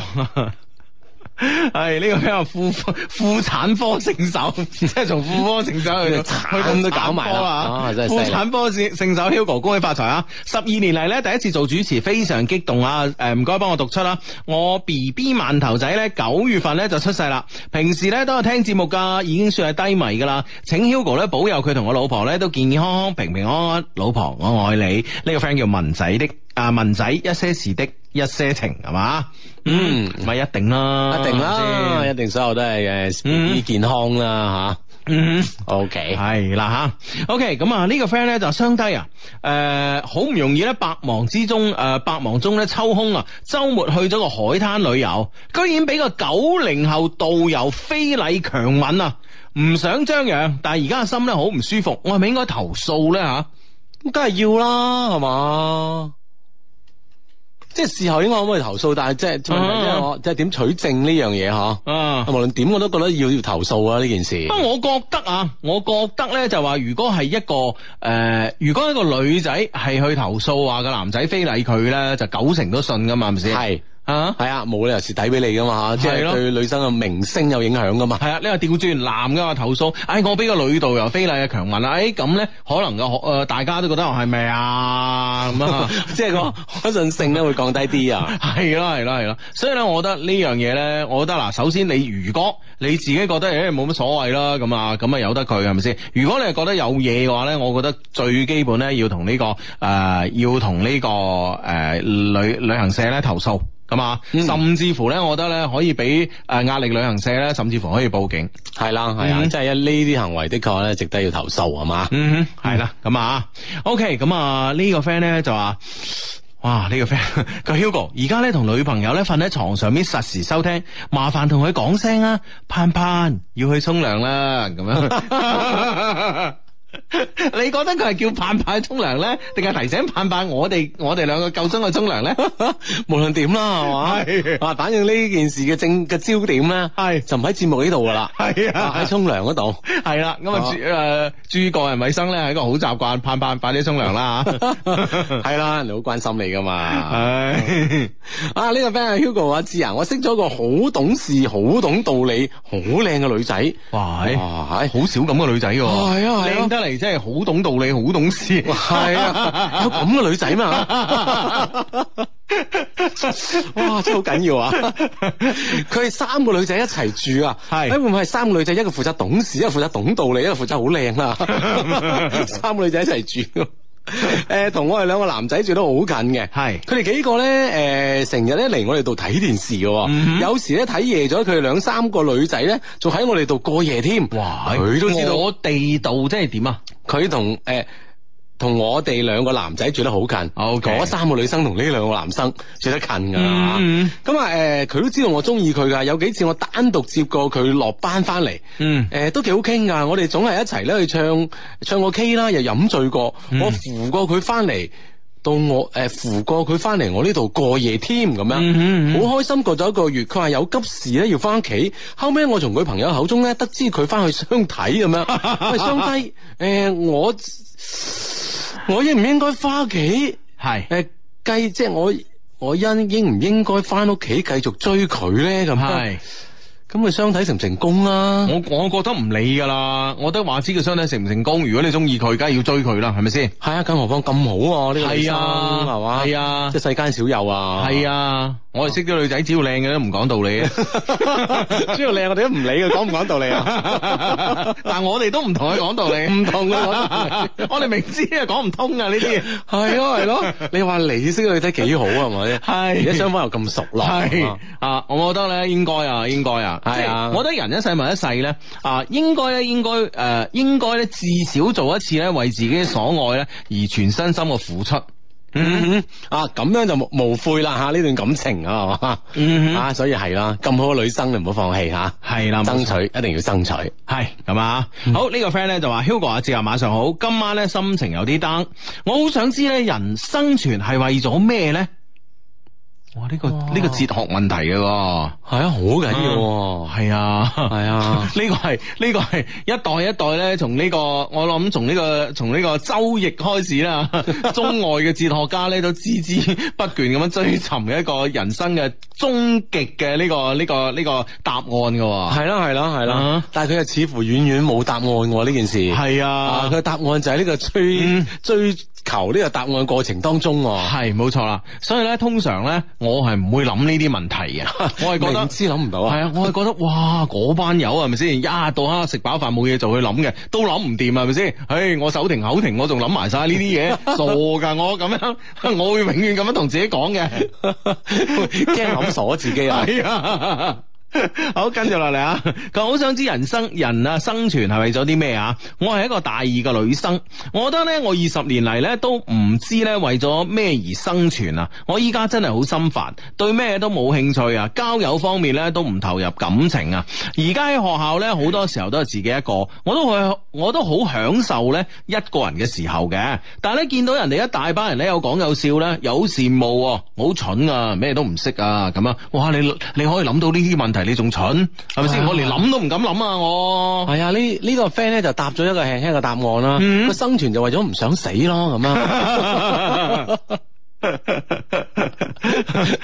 係呢、哎這個咩啊？婦婦產科聖手，即係從婦科聖手去到產 都搞埋啦嘛。婦產科聖手 Hugo 恭喜發財啊！十二年嚟咧第一次做主持，非常激動啊！誒，唔該幫我讀出啦。我 B B 饅頭仔咧九月份咧就出世啦。平時咧都有聽節目噶，已經算係低迷噶啦。請 Hugo 咧保佑佢同我老婆咧都健健康康、平平安安。老婆我愛你。呢、這個 friend 叫文仔的啊，文仔一些事的。一些情，係嘛，嗯，咪、嗯、一定啦，一定啦，啊、一定，所有都係誒，以、嗯、健康啦吓，嗯，嗯，OK，係啦吓，OK，咁啊、這個、呢個 friend 咧就相低啊，誒、呃，好唔容易咧百忙之中誒百忙中咧抽空啊，周末去咗個海灘旅遊，居然俾個九零後導遊非禮強吻啊，唔想張揚，但係而家個心咧好唔舒服，我係咪應該投訴咧吓？咁梗係要啦，係嘛？即係事後應該可唔可以投訴，但係即係問、啊、即係我即係點取證呢、啊、樣嘢嗬？無論點我都覺得要要投訴啊呢件事。不過，我覺得啊，我覺得咧就話，如果係一個誒、呃，如果一個女仔係去投訴話個男仔非禮佢咧，就九成都信噶嘛，係咪先？係。啊，係啊，冇理由蝕底俾你噶嘛，即係的對女生嘅名聲有影響噶嘛。係啊，呢個調轉男嘛，投訴，哎，我俾個女導遊非禮啦，強運啦，哎，咁咧可能嘅，誒，大家都覺得係咪啊？咁 啊，即、就、係、是、個可信性咧會降低啲啊。係咯， 係咯，係咯。所以咧，我覺得呢樣嘢咧，我覺得嗱，首先你如果你自己覺得誒冇乜所謂啦，咁啊咁啊由得佢係咪先？如果你係覺得有嘢嘅話咧，我覺得最基本咧要同呢、這個誒、呃、要同呢、這個誒、呃、旅旅行社咧投訴。係嘛，嗯、甚至乎咧，我覺得咧可以俾誒壓力旅行社咧，甚至乎可以報警。係啦，係啊，嗯、即係呢啲行為的確咧，值得要投訴，係嘛。嗯、哼嗯，係啦、嗯，咁啊，OK，咁啊、這個、呢個 friend 咧就話，哇、這個、 Hugo，呢個 friend 佢 Hugo 而家咧同女朋友咧瞓喺床上面實時收聽，麻煩同佢講聲啊，盼盼要去沖涼啦，咁樣。 你覺得佢係叫盼盼去沖涼咧，定係提醒盼盼我哋我哋兩個夠鐘去沖涼咧？無論點啦，係嘛，反正呢件事嘅正嘅焦點咧，係就唔喺節目呢度噶啦，係啊，喺沖涼嗰度，係啦，咁啊注誒注意個人衛生咧，係一個好習慣。盼盼快啲沖涼啦，係啦，你好關心你噶嘛？係啊，呢個 friend Hugo 我智啊，我識咗個好懂事、好懂道理、好靚嘅女仔，哇，好少咁嘅女仔噶，係啊，靚得～嚟真係好懂道理，好懂事，係啊，有咁嘅女仔嘛？哇，真係好緊要啊！佢哋係三個女仔一齊住啊，係是，會唔會係三個女仔一個負責懂事，一個負責懂道理，一個負責好靚啊？ 三個女仔一齊住，啊。誒、 呃，同我哋兩個男仔住得好近嘅，係佢哋幾個呢誒，成日呢嚟我哋度睇電視㗎，嗯、哼有時呢睇夜咗，佢哋兩三個女仔呢仲喺我哋度過夜添，佢嘩都知道我地道即係點啊，佢同誒。呃同我哋兩個男仔住得好近，嗰 Okay. 三個女生同呢兩個男生住得近噶。咁、嗯、啊誒，佢、呃、都知道我中意佢噶。有幾次我單獨接過佢落班翻嚟，誒、嗯呃、都幾好傾噶。我哋總係一齊咧去唱唱個 K 啦，又飲醉過，我扶過佢翻嚟到我誒、呃、扶過佢翻嚟我呢度過夜添咁樣，好開心過咗一個月。佢話有急事咧要翻屋企，後尾我從佢朋友口中咧得知佢翻去相睇咁樣，喂，相睇誒、呃、我。呃我應唔應該翻屋企？係誒是、呃，繼即係我我因應唔應該翻屋企繼續追佢咧？咁係是。就咁佢相睇成唔成功啦？我我覺得唔理噶啦，我都話知佢相睇成唔成功。如果你中意佢，梗係要追佢啦，係咪先？係啊，更何況咁好啊？呢個係啊，係嘛？係啊，即係世間少有啊！係啊，我哋識啲女仔只要靚嘅都唔講道理嘅，只要靚我哋都唔理佢，講唔講道理啊？但係我哋都唔同佢講道理，唔同啊！我哋明知啊講唔通啊呢啲，係咯係咯，你話你識嘅女仔幾好啊？係咪？係而家雙方又咁熟咯，係啊，我覺得咧應該啊，應該啊。係啊，我覺得人一世物一世咧，啊，應該咧，應該誒、呃，應該咧，至少做一次咧，為自己所愛咧而全身心嘅付出，嗯、哼啊，咁樣就無悔啦吓，呢、啊、段感情係嘛，啊，嗯、哼啊，所以係啦，咁好個女生你唔好放棄吓，係、啊、啦，啊、爭取錯一定要爭取，係咁啊，好呢個 friend 咧就話 Hugo 阿志啊，嗯這個、go, 晚上好，今晚咧心情有啲 down，我好想知咧人生存係為咗咩咧？哇！呢、這個呢、這個哲學問題嘅係哇啊，好緊要。係啊，係、嗯、啊，呢、啊、 個係呢、這個係一代一代咧，從呢、這個我諗從呢、這個從呢個周易開始啦， 中外嘅哲學家咧都孜孜不倦咁樣追尋嘅一個人生嘅終極嘅呢、這個呢、這個呢、這個答案嘅。係咯係咯係咯，但係佢又似乎遠遠冇答案喎、啊、呢件事。係啊，佢、啊、答案就係呢個最最，最求呢個答案嘅過程當中、啊，係冇錯啦。所以咧，通常咧，我係唔會諗呢啲問題嘅。我係覺得 明知諗唔到、啊，係啊，我係覺得哇，嗰班友係咪先？一日到黑食飽飯冇嘢做去諗嘅，都諗唔掂係咪先？唉、哎，我手停口停，我仲諗埋晒呢啲嘢， 傻噶我咁樣，我會永遠咁樣同自己講嘅，驚諗傻咗自己啊！ 好，跟住落嚟啊！佢好想知人生人啊生存係為咗啲咩啊？我係一個大二嘅女生，我覺得咧我二十年嚟咧都唔知咧為咗咩而生存啊！我依家真係好心煩，對咩都冇興趣啊！交友方面咧都唔投入感情啊！而家喺學校咧好多時候都係自己一個，我都去。我都好享受咧一個人嘅時候嘅，但係咧見到人哋一大班人咧有講有笑咧，又好羨慕，啊，我好蠢啊，咩都唔識啊，咁啊，哇！你你可以諗到呢啲問題，你仲蠢係咪先？哎、呀我連諗都唔敢諗啊！我係、哎、呀，這個、呢呢個 friend 呢就答咗一個輕輕嘅答案啦，嗯、生存就為咗唔想死咯，咁啊。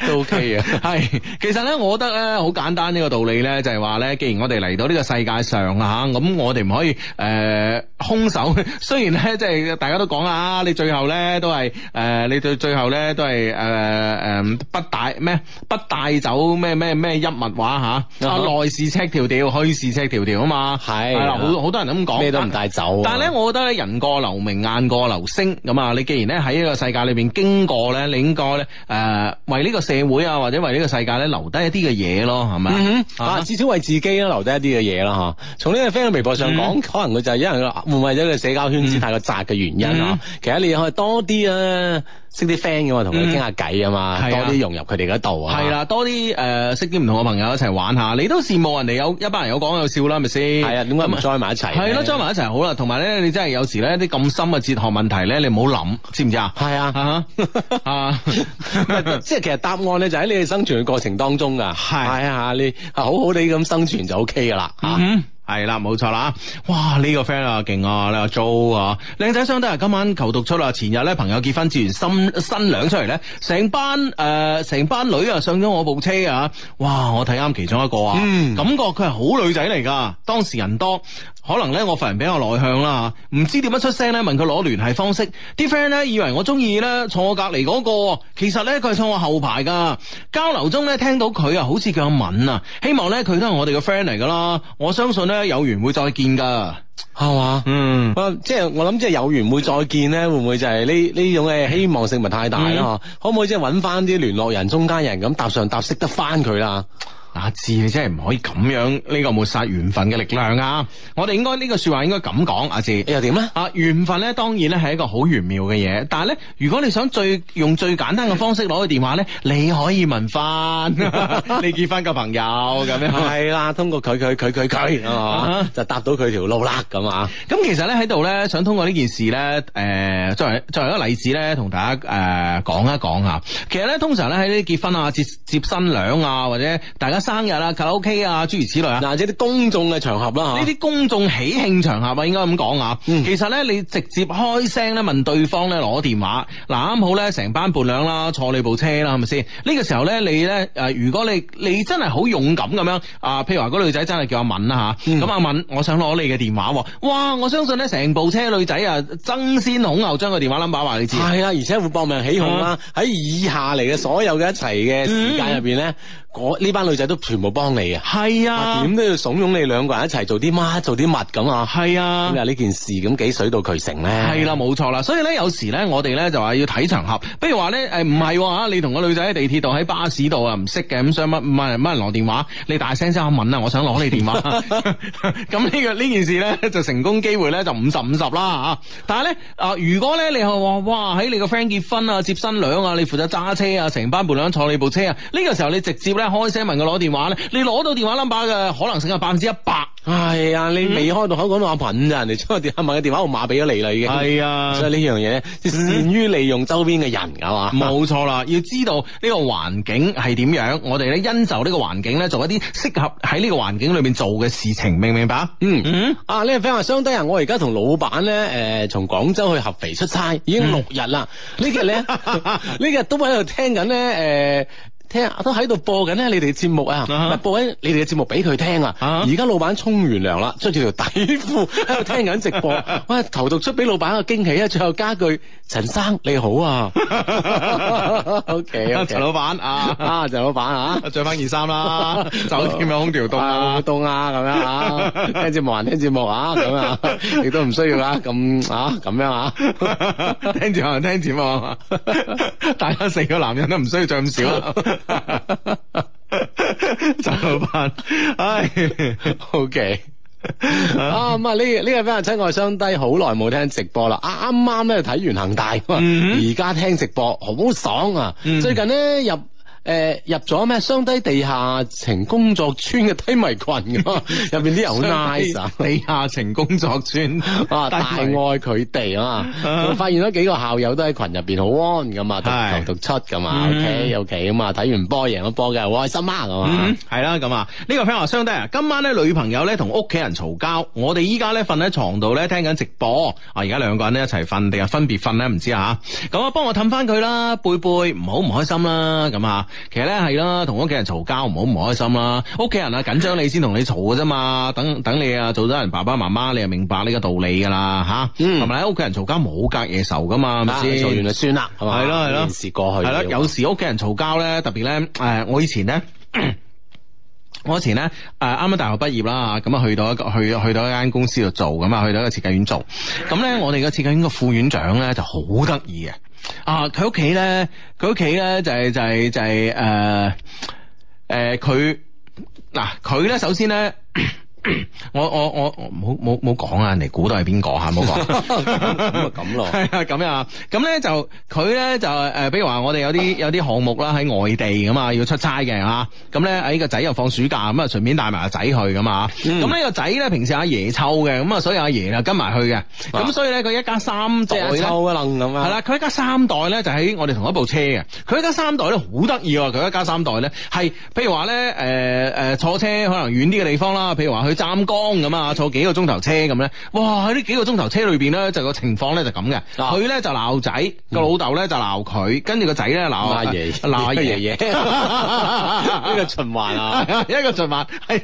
都 OK 啊，係， 其實咧，我覺得咧，好簡單呢個道理咧，就係話咧，既然我哋嚟到呢個世界上啊，吓，咁我哋唔可以誒，空、呃、手。雖然咧，即係大家都講啊，你最後咧都係誒、呃，你到最後咧都係誒誒，不帶咩，不、呃、帶走咩咩咩一物話吓，啊內是、uh huh. 赤條條，去是赤條條啊嘛，係、uh，係啦，好好多人都咁講，咩都唔帶走。但係咧，我覺得咧，人過留名，雁過留聲，咁啊，你既然咧喺呢個世界裏邊經過，咧，你應該咧，誒、呃，為呢個社會啊，或者為呢個世界咧、啊，留低一啲嘅嘢咯，係咪啊？Hmm. Uh huh. 至少為自己啦，留低一啲嘅嘢啦，吓。從呢個 friend 嘅微博上講，mm hmm. 可能佢就係因為佢，因為咗個社交圈子、mm hmm. 太過窄嘅原因啊。其實你可以多啲啊。識啲 friend 噶嘛，同佢傾下偈啊嘛，多啲融入佢哋嗰度啊。係、呃、啦，多啲誒，識啲唔同嘅朋友一齊玩下。你都羨慕人哋有一班人有講有、有笑啦，咪先。係啊，點解唔 join 埋一齊？係咯 join 埋一齊好啦。同埋咧，你真係有時咧，啲咁深嘅哲學問題咧，你唔好諗，知唔知啊？係啊， 啊，即係 其實答案咧就喺、是、你哋生存嘅過程當中噶。係啊， 你好好地咁生存就 OK 噶啦。嗯、mm。Hmm. 係啦，冇錯啦，哇呢個 friend 啊勁啊，你又做啊，靚仔相弟啊，今晚求讀出啦，前日咧朋友結婚，自然新新娘出嚟咧，成班誒成、呃、班女啊上咗我部車啊，哇我睇啱其中一個啊，嗯、感覺佢係好女仔嚟噶，當時人多。可能咧，我份人比較內向啦，唔知點樣出聲咧，問佢攞聯繫方式。啲 friend 咧以為我中意咧坐我隔離嗰個，其實咧佢係坐我後排噶。交流中咧聽到佢啊，好似叫阿敏啊，希望咧佢都係我哋嘅 friend 嚟噶啦。我相信咧有緣會再見噶，係嘛？嗯，即係我諗，即係有緣會再見咧，會唔會就係呢呢種嘅希望性咪太大啦？嗯、可唔可以即係揾翻啲聯絡人、中間人咁搭上搭上識得翻佢啦？阿志，你真係唔可以咁樣呢、這個抹殺緣分嘅力量啊！我哋應該呢、這個說話應該咁講，阿志又點咧？啊，緣分咧，當然咧係一個好玄妙嘅嘢，但係咧，如果你想最用最簡單嘅方式攞個電話咧，你可以問翻 你結婚嘅朋友咁樣係啦、 啊，通過佢佢佢佢佢，就搭到佢條路啦，咁 啊。咁、啊、其實咧喺度咧，想通過呢件事咧，誒、呃，作為作為一個例子咧，同大家誒講、呃呃、一講吓。其實咧，通常咧喺啲結婚啊、接接新娘啊，或者大家。生日啦、卡拉 OK 啊，諸如此類啊。嗱，即啲公眾嘅場合啦、啊。吓，呢啲公眾喜慶場合啊，應該咁講啊。嗯、其實咧，你直接開聲咧問對方咧攞電話。嗱、啊，啱好咧成班伴娘啦，坐你部車啦，係咪先？呢、呢個時候咧，你咧誒，如果你你真係好勇敢咁樣啊，譬如話嗰女仔真係叫阿敏啊，吓、嗯。咁阿敏，我想攞你嘅電話、啊。哇，我相信咧，成部車女仔啊，爭先恐後將個電話 number 話你知。係啊，而且會搏命起哄啦、啊。喺、啊、以下嚟嘅所有嘅一齊嘅時間入邊咧。嗯我呢班女仔都全部幫你啊，係啊，點都要慫恿你兩個人一齊做啲乜，做啲乜咁啊，係啊，咁啊呢件事咁幾水到渠成咧，係啦、啊，冇錯啦，所以咧有時咧我哋咧就話要睇場合，如哎、不如話咧誒唔係啊，你同個女仔喺地鐵度喺巴士度啊唔識嘅，咁想乜唔乜人攞電話，你大聲聲問啊，我想攞你電話，咁呢個呢件事咧就成功機會咧就五十五十啦啊，但係咧啊如果咧你係話哇喺你個 friend 結婚啊接新娘啊，你負責揸車啊，成班伴娘坐你部車啊，呢、這個時候你直接咧。開聲問佢攞電話咧，你攞到電話 number 嘅可能性係百分之一百。係啊、哎，你未開到口講話品咋？嗯、人哋將個電話問個電話號碼俾咗你啦，已經、哎呀。係啊，所以呢樣嘢，即善於利用周邊嘅人㗎，係嘛、嗯？冇錯啦，要知道呢個環境係點樣，我哋咧因就呢個環境咧做一啲適合喺呢個環境裏面做嘅事情，明唔明白？嗯嗯。啊，呢個 friend 話相當人，我而家同老闆咧，誒、呃，從廣州去合肥出差，已經六日啦。嗯嗯、日呢日咧，呢 日都喺度聽緊咧，誒、呃。聽啊，都喺度播緊咧你哋節目啊，uh huh. 播緊你哋嘅節目俾佢聽啊。而家、uh huh. 老闆沖完涼啦，着住條底褲喺度聽緊直播。 喂，求讀出俾老闆一個驚喜啊！最後加句，陳生你好啊。
o Okay , K，okay. 陳老闆啊，啊
陳老闆啊，着翻件衫啦。 酒店有空調凍啊凍啊，咁樣啊，跟住聽節目聽節目啊，咁啊，亦都唔需要啊咁啊咁樣啊，聽住聽節目聽節目。聽節目 大家四個男人都唔需要着咁少、啊。 陳 老闆，
哎，OK， 啊
咁啊呢呢個非常親愛兄弟，好耐冇聽直播啦，啱啱咧睇完恒大，而家聽直播好爽啊！最近咧入。誒，入咗咩雙低地下情工作村嘅低迷群咁，入邊啲人好 nice 啊！地低下情工作村啊， 大愛佢哋啊！ 我發現咗幾個校友都喺群入邊好 on 咁啊，獨球獨出咁啊，OK 有棋啊，睇完波贏咗波嘅好開心啊咁啊，係啦咁啊，呢、這個 friend 話雙低啊，今晚咧女朋友咧同屋企人嘈交，我哋依家咧瞓喺床度咧聽緊直播，啊而家兩個人咧一齊瞓定係分別瞓咧唔知啊吓，咁啊幫我氹翻佢啦，貝貝唔好唔開心啦，咁啊～其實咧係啦，同屋企人嘈交唔好唔開心啦。屋企人啊緊張你先同你嘈嘅啫嘛。等等你啊做咗人爸爸媽媽，你就明白呢個道理噶啦吓。同埋咧屋企人嘈交冇隔夜仇噶嘛，咪先、嗯？嘈吧、啊、完就算啦，係咪吧？係咯係咯，事過去吧。係咯吧，有時屋企人嘈交咧，特別咧，誒，我以前咧， 我以前咧，誒，啱啱大學畢業啦咁啊去到一個去去到一間公司度做，咁啊去到一個設計院做。咁咧，我哋嘅設計院個副院長咧就好得意嘅。啊！佢屋企咧，佢屋企咧就係就係就係誒誒，佢嗱佢咧，首先咧。 我我我唔好唔好講啊！你估到係邊個吓？冇好講咁啊！咁咯， 係啊，咁啊，咁、嗯、咧就佢咧就誒、呃，比如話我哋有啲 有啲項目啦，喺外地咁啊，要出差嘅吓。咁咧喺個仔又放暑假，咁啊，順便帶埋個仔去咁啊。咁、嗯、呢個仔咧平時阿爺湊嘅，咁啊，所以阿爺啦跟埋去嘅。咁 所以咧佢一家三代抽啊楞咁啊。係啦，佢一家三代咧就喺我哋同一部車嘅。佢一家三代咧好得意啊！佢一家三代咧係，譬如話咧誒誒，坐車可能遠啲嘅地方啦，譬如話去。湛江咁啊，坐幾個鐘頭車咁咧，哇喺呢幾個鐘頭車裏邊咧，就個情況咧就咁嘅，佢咧、啊、就鬧仔，個、嗯、老豆咧就鬧佢，跟住個仔咧鬧阿爺，鬧阿爺爺，呢 個循環啊，一個循環，係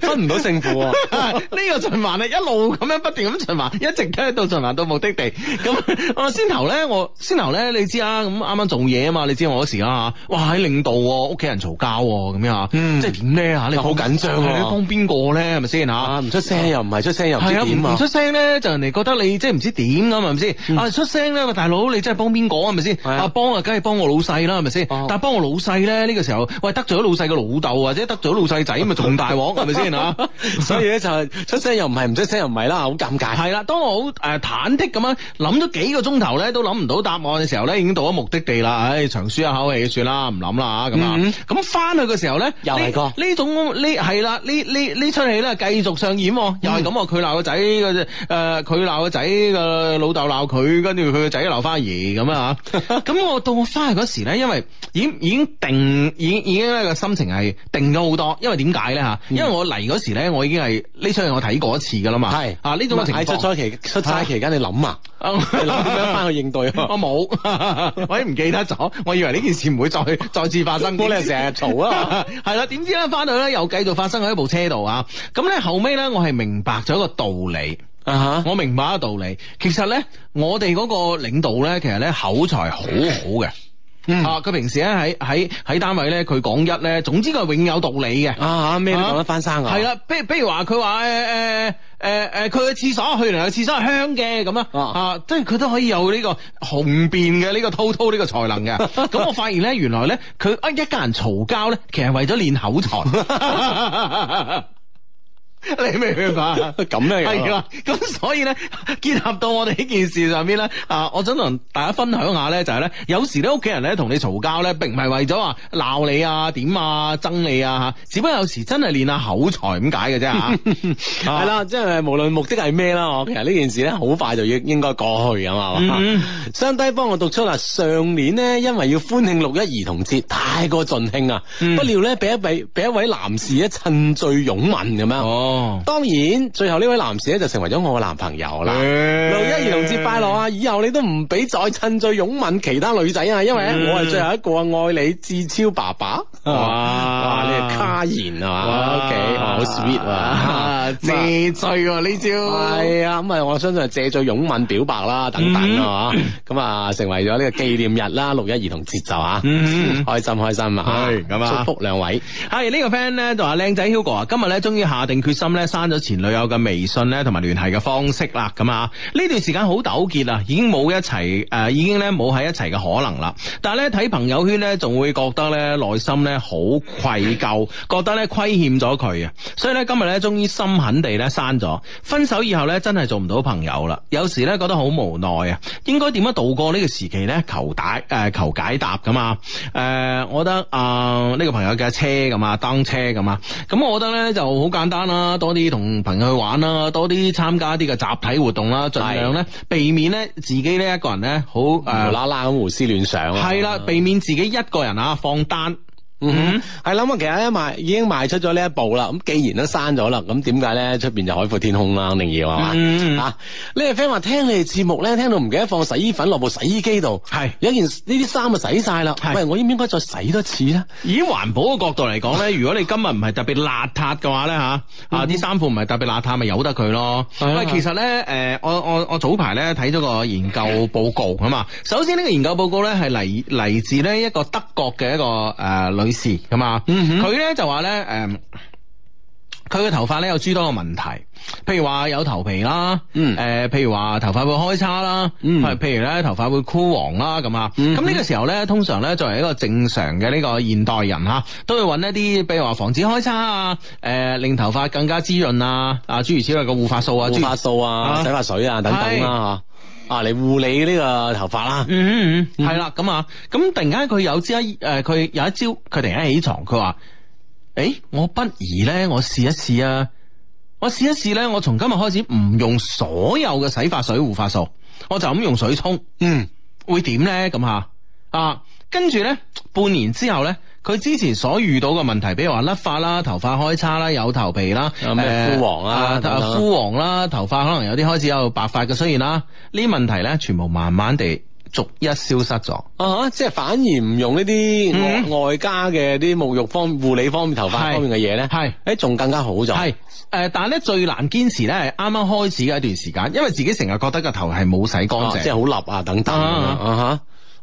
分唔到勝負喎、啊， 個呢個循環係一路咁樣不斷咁循環，一直咧到循環到目的地。咁 我、啊、先頭咧，我先頭咧，你知啊，咁啱啱做嘢啊嘛，你知我嗰時啦嚇，哇喺領導屋企人嘈交咁樣啊，啊樣嗯、即係點咧嚇，你好緊張。嗯邊個咧係咪先啊？唔出聲又唔係，出聲又唔知點？唔出聲咧，就人哋覺得你即係唔知點咁係咪先？啊出聲咧，大佬你真係幫邊個啊？係咪先？啊幫啊，梗係幫我老細啦，係咪先？但係幫我老細咧，呢個時候喂得罪咗老細個老豆或者得罪咗老細仔咪仲大鑊係咪先啊？所以咧就係出聲又唔係，唔出聲又唔係啦，好尷尬。係啦，當我好誒忐忑咁樣諗咗幾個鐘頭咧，都諗唔到答案嘅時候咧，已經到咗目的地啦。唉，長舒一口氣算啦，唔諗啦吓咁啊。咁翻去嘅時候咧，又呢種呢係啦呢。呢呢出戲咧繼續上演，又係咁喎。佢鬧個仔個誒，佢鬧個仔個老豆鬧佢，跟住佢個仔鬧花兒咁啊！吓，咁我 到我翻去嗰時咧，因為已經已經定，已經已經咧個心情係定咗好多。因為點解咧吓？因為我嚟嗰時咧，我已經係呢出戲我睇過一次噶啦嘛。係啊是，呢種情出差期，出差期間你諗啊，諗點樣翻去應對，啊？ 我冇沒有， 我啲唔記得咗。我以為呢件事唔會再再次發生。我哋成日嘈啊，係 啦。 點知咧翻去咧又繼續發生喺一部車。呢度啊，咁咧後尾咧，我係明白咗一個道理啊！吓，我明白一個道理，uh huh. 道理其實咧，我哋嗰個領導咧，其實咧口才好好嘅。嗯、啊，佢平時咧喺喺喺單位咧，佢講一咧，總之佢係永有道理嘅，啊嚇，咩都講得翻生啊，係啦、啊，譬如譬如話佢話誒誒誒誒，佢、呃、去、呃呃、廁所去完個廁所係香嘅咁啊，嚇、啊，即係佢都可以有呢、呢個雄辯嘅呢個滔滔呢個才能嘅，咁 我發現咧原來咧佢一一家人嘈交咧，其實為咗練口才。
你明唔明啊？咁 樣係啊！咁所以咧，結合到
我哋呢件事上邊咧，啊，我想同大家分享下咧，就係、是、咧，有時咧屋企人咧同你嘈交咧，並唔係為咗話鬧你啊、點啊、憎你啊吓,只不過有時真係練下口才咁解嘅啫。係、啊、啦、 啊，即係無論目的係咩啦，我其實呢件事咧，好快就要應該過去咁啊嘛。嗯，相低幫我讀出啊，上年呢，因為要歡慶六一兒童節，太過盡興啊，嗯、不料咧，俾一俾俾一位男士咧趁醉擁吻咁樣。哦哦，當然最後呢位男士咧就成為咗我嘅男朋友啦。六一兒童節快樂啊！以後你都唔俾再趁醉擁吻其他女仔啊，因為咧我係最後一個愛你志超爸爸。
哇哇，你係卡言啊？OK，好
sweet 啊，借醉呢招係啊，咁啊我相信係借醉擁吻表白啦，等等啊。吓，咁啊成為咗呢個紀念日啦，六一兒童節就啊，開心開心啊，係咁啊，祝福兩位。而呢個 friend 咧就話靚仔 Hugo 啊，今日咧終於下定決。心咧刪咗前女友嘅微信咧，同埋聯繫嘅方式啦，咁啊呢段時間好糾結啊，已經冇一齊誒、呃，已經咧冇喺一齊嘅可能啦。但係咧睇朋友圈咧，仲會覺得咧內心咧好愧疚，覺得咧虧欠咗佢啊。所以咧今日咧終於心狠地咧刪咗分手以後咧，真係做唔到朋友啦。有時咧覺得好無奈啊，應該點樣度過呢個時期咧、呃？求解誒求解答噶嘛誒、呃，我覺得啊呢、呃這個朋友嘅車咁啊，當車咁啊，咁我覺得咧就好簡單啦。多啲同朋友去玩啦，多啲參加一啲嘅集體活動啦，盡量咧避免咧自己咧一個人咧好冇啦啦咁胡思亂想。係啦，避免自己一個人啊放單。嗯哼，係諗啊。其實咧賣已經賣出咗呢一步啦。咁既然都刪咗啦，咁點解咧出邊就海闊天空啦？肯定要係嘛？吓，呢個 friend 話聽你哋節目咧，聽到唔記得放洗衣粉落部洗衣機度，係有件呢啲衫啊洗晒啦。喂，我應唔應該再洗多次咧？以環保嘅角度嚟講咧，如果你今日唔係特別邋遢嘅話咧吓，啊啲衫褲唔係特別邋遢咪由得佢咯。喂，其實咧誒，我我我早排咧睇咗個研究報告啊嘛。首先呢個研究報告咧係嚟嚟自呢一個德國嘅一個誒咁啊，佢咧、嗯、就話咧，誒、嗯，佢嘅頭髮咧有諸多嘅問題，譬如話有頭皮啦，誒、嗯呃，譬如話頭髮會開叉啦，係、嗯，譬如咧頭髮會枯黃啦，咁啊，咁呢、嗯、哼個時候咧，通常咧作為一個正常嘅呢個現代人吓，都會揾一啲，譬如話防止開叉啊，誒、呃，令頭髮更加滋潤啊，啊，諸如此類嘅護髮素啊，護髮素啊，洗髮水啊等等啦吓對。啊！嚟護理呢個頭髮啦，嗯嗯嗯，係啦咁啊，咁 突然間佢有朝一誒，佢有一朝佢、呃、突然間起床，佢話：誒、欸，我不如咧，我試一試啊，我試一試咧，我從今日開始唔用所有嘅洗髮水護髮素，我就咁用水沖，嗯，會點咧？咁吓啊，跟住咧，半年之後咧。佢之前所遇到嘅問題，比如話甩髮啦、頭髮開叉啦、有頭皮啦、有咩枯黃啦、啊、枯、呃、頭黃啦、啊、頭髮可能有啲開始有白髮嘅出現啦，呢啲問題咧全部慢慢地逐一消失咗。啊即係反而唔用呢啲外加嘅啲沐浴方、嗯、護理方面頭髮方面嘅嘢咧，係誒仲更加好就係誒，但係咧最難堅持咧係啱啱開始嘅一段時間，因為自己成日覺得個頭係冇洗乾淨，啊、即係好立啊等等咁樣。啊啊。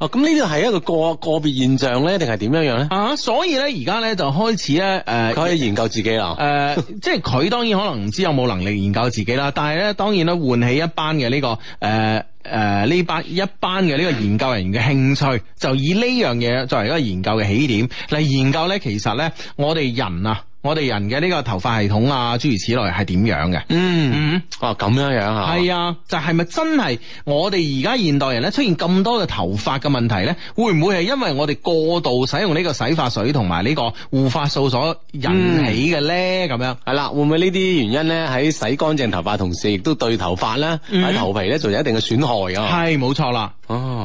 咁呢個係一個個個別現象呢，定係點樣樣呢？啊，所以呢，而家呢，就開始呢，誒、呃，佢研究自己啦。誒、呃， 即係佢當然可能唔知有冇能力研究自己啦，但係呢，當然呢，喚起一班嘅呢個誒誒呢班一班嘅呢個研究人員嘅興趣，就以呢樣嘢作為一個研究嘅起點嚟研究呢，其實呢，我哋人啊。我哋人嘅呢個頭髮系統啊，諸如此類係點樣嘅？嗯，哦咁樣樣啊，係啊，就係、是、咪真係我哋而家現代人咧出現咁多嘅頭髮嘅問題咧，會唔會係因為我哋過度使用呢個洗髮水同埋呢個護髮素所引起嘅咧？咁、嗯、樣係啦，會唔會呢啲原因咧喺洗乾淨頭髮同時亦都對頭髮啦、喺、嗯、頭皮咧造成一定嘅損害啊？係，冇錯啦。哦，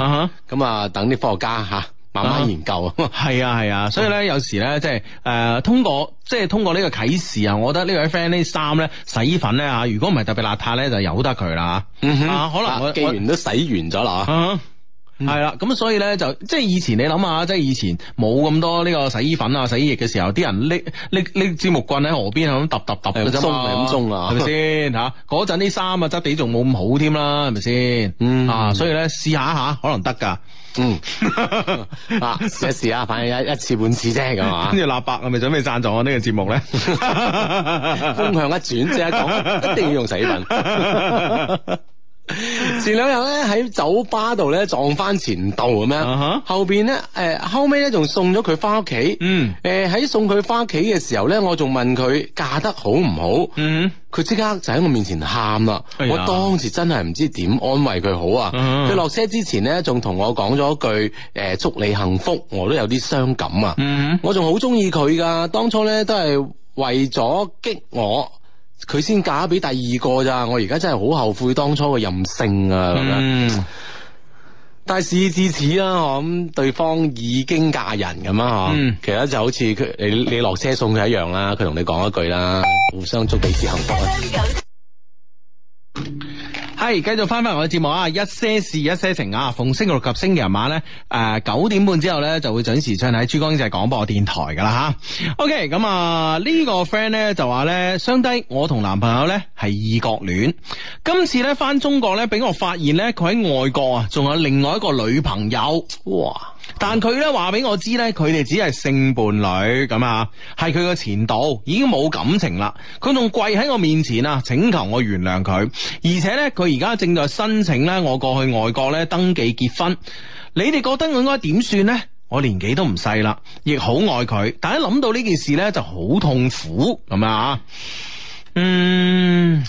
咁啊，啊啊等啲科學家吓。慢慢研究啊，係啊係啊，所以咧有時咧即係誒，通過即係通過呢個啟示啊，我覺得位呢位 friend 啲衫咧，洗衣粉咧啊，如果唔係特別邋遢咧，就由得佢啦吓。嗯哼，可能我、啊、既然都洗完咗啦，係啦、啊，咁、啊嗯啊、所以咧就即係以前你諗下，即係以前冇咁多呢個洗衣粉啊、洗衣液嘅時候，啲人拎搦搦枝木棍喺河邊咁揼揼揼嘅啫嘛，係咪先吓？嗰陣啲衫啊質地仲冇咁好添啦，係咪先？啊，所以咧試下下，可能得噶。嗯，嗱、 啊，試一試啦， 反正一一次半次啫，咁啊。跟住立白，我咪準備贊助我個節呢個節目咧。風 向一轉， 即刻講，一定要用洗粉。 前兩日咧，喺酒吧度咧，撞翻前度咁樣，後邊咧，誒後尾咧，仲送咗佢翻屋企，嗯、uh，誒、huh. 喺、呃、送佢翻屋企嘅時候咧，我仲問佢嫁得好唔好，嗯、uh，佢、huh. 即刻就喺我面前喊啦，uh huh. 我當時真係唔知點安慰佢好啊，佢落、uh huh. 車之前咧，仲同我講咗句誒、呃、祝你幸福，我都有啲傷感啊，uh huh. 我仲好中意佢噶，當初咧，都係為咗激我。佢先嫁俾第二個咋，我而家真係好後悔當初嘅任性啊！咁、嗯，但係事已至此啦，我諗對方已經嫁人咁啊，嗬、嗯，其實就好似佢你你落車送佢一樣啦，佢同你講一句啦，互相祝彼此幸福係，繼續翻翻我嘅節目啊！一些事，一些情啊，逢星期六及星期日晚咧，誒九點半之後咧，就會準時唱喺珠江經濟廣播電台噶啦吓。OK，咁、嗯、啊、這個、呢個 friend 咧就話咧，相低我同男朋友咧係異國戀，今次咧翻中國咧，俾我發現咧佢喺外國啊，仲有另外一個女朋友哇！但佢咧話俾我知咧，佢哋只係性伴侶咁啊，係佢個前度，已經冇感情啦。佢仲跪喺我面前啊，請求我原諒佢。而且咧，佢而家正在申請咧，我過去外國咧登記結婚。你哋覺得我應該點算呢？我年紀都唔細啦，亦好愛佢，但一諗到呢件事咧就好痛苦咁啊。嗯。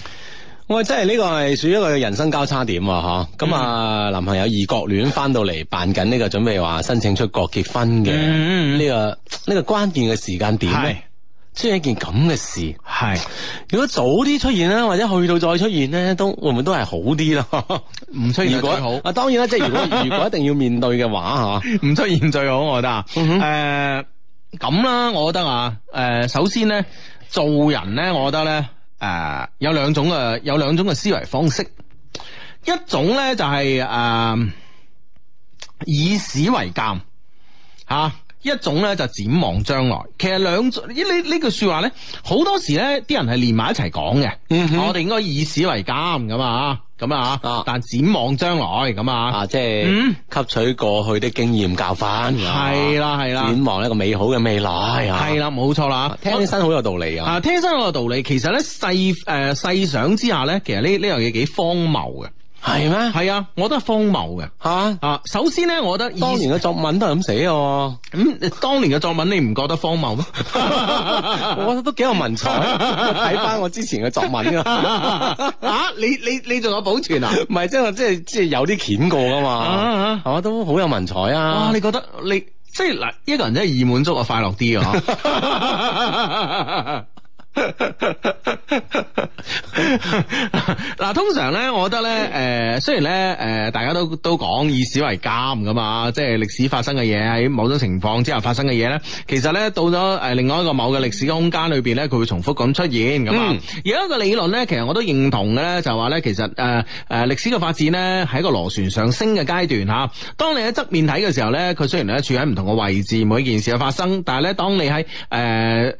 我真係呢個係屬於一個人生交叉點啊。吓咁啊！男朋友異國戀翻到嚟，辦緊呢個準備話申請出國結婚嘅呢、這個呢個關鍵嘅時間點咧，是 出現一件咁嘅事係。是 如果早啲出現啦，或者去到再出現咧，都會唔會都係好啲咯？唔 出現最好啊！當然啦，即係如果如果一定要面對嘅話，吓唔 出現最好我覺得、嗯呃，我覺得啊，誒咁啦，我覺得啊，誒，首先咧，做人咧，我覺得咧。誒、uh，有兩種嘅，有兩種嘅思維方式，一種咧就係、是、誒、呃、以史為鑑，吓、啊、一種咧就是、展望將來。其實兩呢呢呢句說話咧，好多時咧啲人係連埋一齊講嘅。我哋應該以史為鑑咁啊。咁啊吓，啊但展望將來咁啊，啊，即係、嗯、吸取過去的經驗教訓、啊，係啦係啦，展望一個美好嘅未來，係啦冇錯啦，啊、聽起身好有道理啊，啊聽起身好有道理。其實咧細誒細想之下咧，其實呢呢樣嘢幾荒謬嘅。係咩？係 啊，我覺得係荒謬嘅吓啊！首先咧，我覺得當年嘅作文都係咁寫，咁當年嘅作文你唔覺得荒謬咩？我覺得都幾、啊嗯、 有文采，睇翻 我之前嘅作文 啊！吓你你你仲有保存啊？唔係即係即係即係有啲鉗過噶嘛？係、啊、嘛，都好有文采啊！你覺得你即係嗱，一個人真係易滿足樂啊，快樂啲啊！嗱、 啊，通常咧，我覺得咧，誒、呃，雖然咧，誒、呃，大家都都講以史為鑒噶嘛，即係歷史發生嘅嘢喺某種情況之下發生嘅嘢咧，其實咧到咗誒另外一個某個歷史空間裏邊咧，佢會重複咁出現咁啊。而、嗯、一個理論咧，其實我都認同嘅咧，就係話咧，其實誒誒歷史嘅發展咧，係一個螺旋上升嘅階段吓、啊。當你喺側面睇嘅時候咧，佢雖然咧處喺唔同嘅位置，每一件事嘅發生，但係咧當你喺誒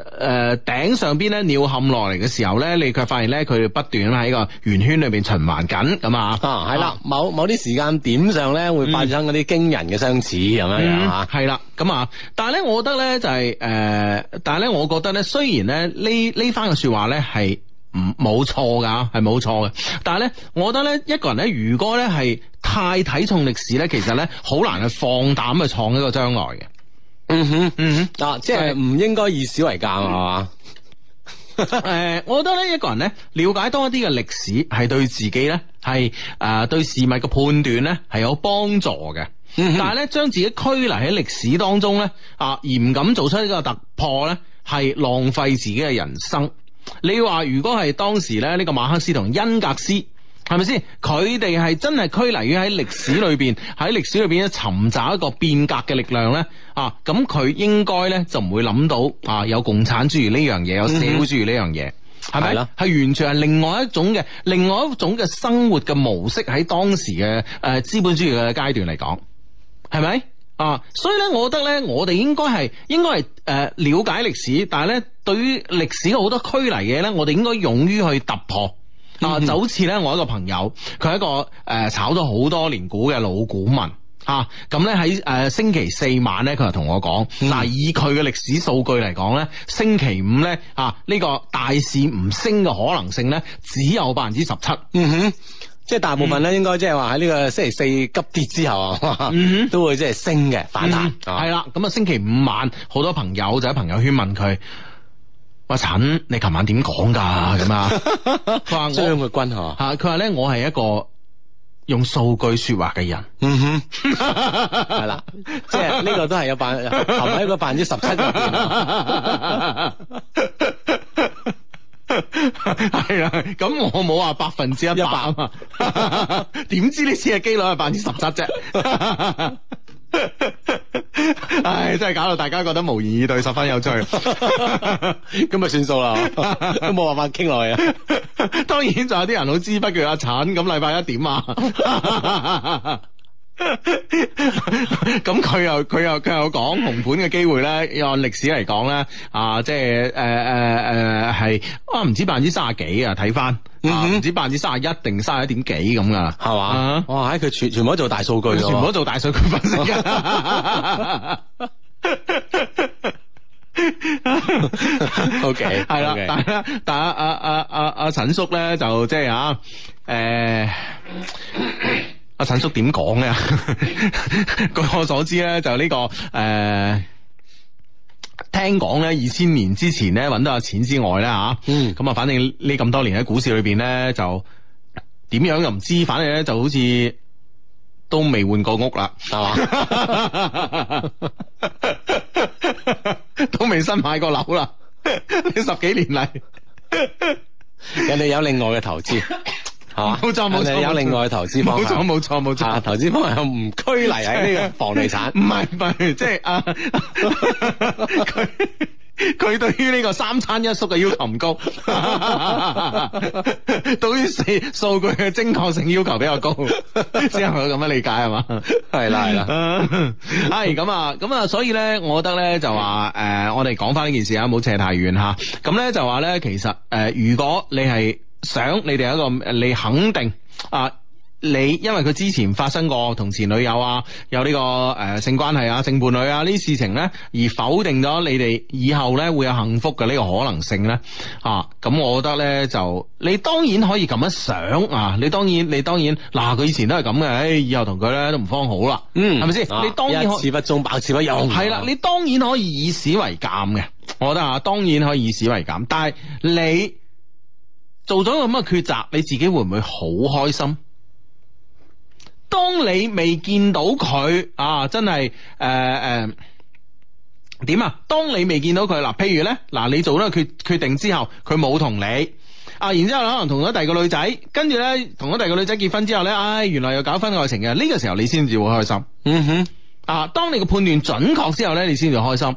誒頂上邊咧。鳥瞰落嚟嘅時候咧，你卻發現咧佢哋不斷喺個圓圈裏邊循環緊咁啊！啊，係啦，某某啲時間點上咧會發生嗰啲驚人嘅相似咁、嗯嗎嗯、樣樣吓，係啦。咁啊，但係咧，我覺得咧就係、是、誒、呃，但係咧，我覺得咧，雖然咧呢呢番嘅說話咧係唔冇錯噶，係冇錯嘅。但係咧，我覺得咧，一個人咧，如果咧係太睇重歷史咧，嗯、其實咧好難放膽去放膽去創一個將來嘅。嗯哼，嗯哼，啊，以即係唔應該以史為鑑係嘛？啊嗯誒、 呃，我覺得咧，一個人咧了解多一啲嘅歷史，係對自己咧係誒對事物嘅判斷咧係有幫助嘅。但係咧，將自己拘泥喺歷史當中咧啊，而唔敢做出呢個突破咧，係浪費自己嘅人生。你話如果係當時咧，呢、呢個馬克思同恩格斯。係咪先？佢哋係真係拘泥於喺歷史裏邊，喺歷 史裏邊咧尋找一個變革嘅力量呢？啊！咁佢應該呢，就唔會諗到啊有共產主義呢樣嘢，有社會主義呢樣嘢，係咪、嗯哼？係吧完全係另外一種嘅，另外一種嘅生活嘅模式喺當時嘅誒資本主義嘅階段嚟講，係咪啊？所以呢，我覺得呢，我哋應該係應該係誒了解歷史，但係呢，對於歷史好多拘泥嘅嘢呢，我哋應該勇於去突破。嗱，嗯、就好似咧，我一個朋友，佢係一個誒、呃、炒咗好多年股嘅老股民啊，咁咧喺誒星期四晚咧，佢就同我講，嗱、嗯哼，以佢嘅歷史數據嚟講咧，星期五咧啊，呢、呢個大市唔升嘅可能性咧，只有百分之十七，嗯哼，即係大部分咧，應該即係話喺呢個星期四急跌之後，嗯哼 都會即係升嘅反彈，係啦、嗯，咁、嗯、啊、嗯、星期五晚好多朋友就喺朋友圈問佢。阿陳，你琴晚點講噶咁啊？張嘅軍吓，佢話咧，我係一個用數據說話嘅人，嗯哼，係啦， 即係呢個都係有百，含喺一個百分之十七嘅，係 啊， 咁我冇話 百分之一百啊嘛，點知呢次嘅機率係百分之十七啫。 唉，真係搞到大家覺得無言以對，十分有趣。咁 咪算數啦， 都冇辦法傾落去啊。 當然，仲有啲人好知不覺，啊慘咁禮拜一點啊。 咁 佢又佢又佢又講紅盤嘅機會咧，按歷史嚟講咧，啊，即係誒誒誒，係、呃呃、啊，唔止百分之卅幾啊，睇翻唔止百分之卅一，定卅一點幾咁噶，係、啊、嘛？哇，喺、哦、佢全全部都做大數據，全部都做大數據分
析。OK，係啦，但係阿
阿阿阿阿陳叔咧，就即、就、係、是、啊，誒、uh,。阿陳叔點講咧？ 據我所知咧，就呢、這個誒、呃，聽講咧，二千年之前咧揾到有錢之外咧吓，嗯，咁啊，反正呢咁多年喺股市裏邊咧，就點樣又唔知，反正咧就好似都未換過屋啦，係嘛？啊， 都未新買過樓啦，呢 十幾年嚟， 人哋有另外嘅投資。係嘛？冇錯冇錯，有另外投資方向錯。冇錯冇錯冇錯，啊、投資方又唔拘泥喺呢個房地產。唔係
唔係，即係啊，
佢佢、就是啊、 對於呢個三餐一宿嘅要求唔高，對 於四數據嘅精確性要求比較高，只 有咁樣理解係嘛？係啦係啦，係 咁啊咁啊， 啊，所以咧，我覺得咧就話誒、呃，我哋講翻呢件事斜啊，唔好扯太遠嚇。咁咧就話咧，其實誒、呃，如果你係想你哋一個，你肯定啊，你因為佢之前發生過同前女友啊，有呢、呢個誒、呃、性關係啊，性伴侶啊呢啲事情呢，而否定咗你哋以後呢會有幸福嘅呢個可能性呢。啊，咁我覺得呢，就，你當然可以咁樣想啊，你當然，你當然，嗱、啊、佢以前都係咁嘅，唉、哎，以後同佢呢都唔方好啦，嗯，係咪先？啊、你當然可以，一次不忠，百次不用。係啦、啊，你當然可以以史為鑑嘅，我覺得啊，當然可以以史為鑑，但係你。做咗個咁嘅抉擇，你自己會唔會好開心？當你未見到佢啊，真係誒誒點啊？當你未見到佢嗱，譬如呢，嗱，你做咗個決決定之後，佢冇同你啊，然之後可能同咗第二個女仔，跟住呢，同咗第二個女仔結婚之後呢，唉、哎，原來又搞翻愛情嘅呢個時候，你先至會開心。嗯哼，啊，當你嘅判斷準確之後呢，你先至開心。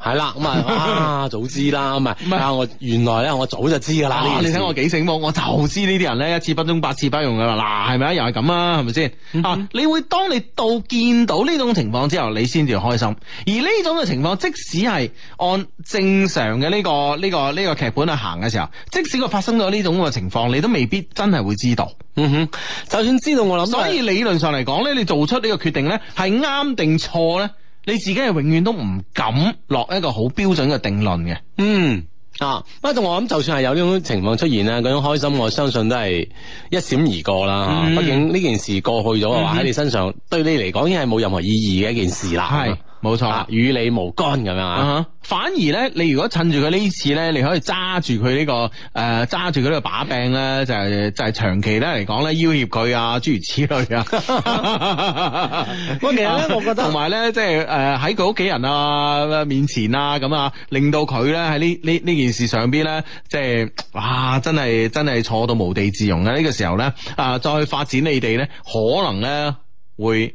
係啦，咁啊，啊早知啦，咪啊我原來咧，我早就知噶啦。啊、你睇我幾醒目，我就知呢啲人咧，一次不忠，百次不用噶嘛。嗱，係咪啊？是是又係咁啊？係咪先啊？你會當你到見到呢種情況之後，你先至開心。而呢種嘅情況，即使係按正常嘅呢、呢個呢、呢個呢、呢個劇本去行嘅時候，即使佢發生咗呢種嘅情況，你都未必真係會知道。嗯哼，就算知道，我諗，所以理論上嚟講咧，你做出呢個決定咧，係啱定錯咧？你自己係永遠都唔敢落一個好標準嘅定論嘅，嗯啊，不過我諗就算係有呢種情況出現啦，嗰種開心，我相信都係一閃而過啦。畢、嗯、竟呢件事過去咗嘅話，喺、嗯、哼你身上對你嚟講已經係冇任何意義嘅一件事啦。冇錯，與、啊、你無干咁樣，反而咧，你如果趁住佢呢次咧，你可以揸住佢呢個誒，揸住佢呢個把柄咧，就係、是、就係、是、長期咧嚟講咧，要挾佢啊，諸如此類啊！
咁 其實咧，我
覺得同埋咧，即係誒喺佢屋企人啊、面前啊，咁啊，令到佢咧喺呢呢呢件事上邊咧，即、就、係、是、哇，真係真係錯到無地自容啊！呢、這個時候咧，啊、呃，再去發展你哋咧，可能咧會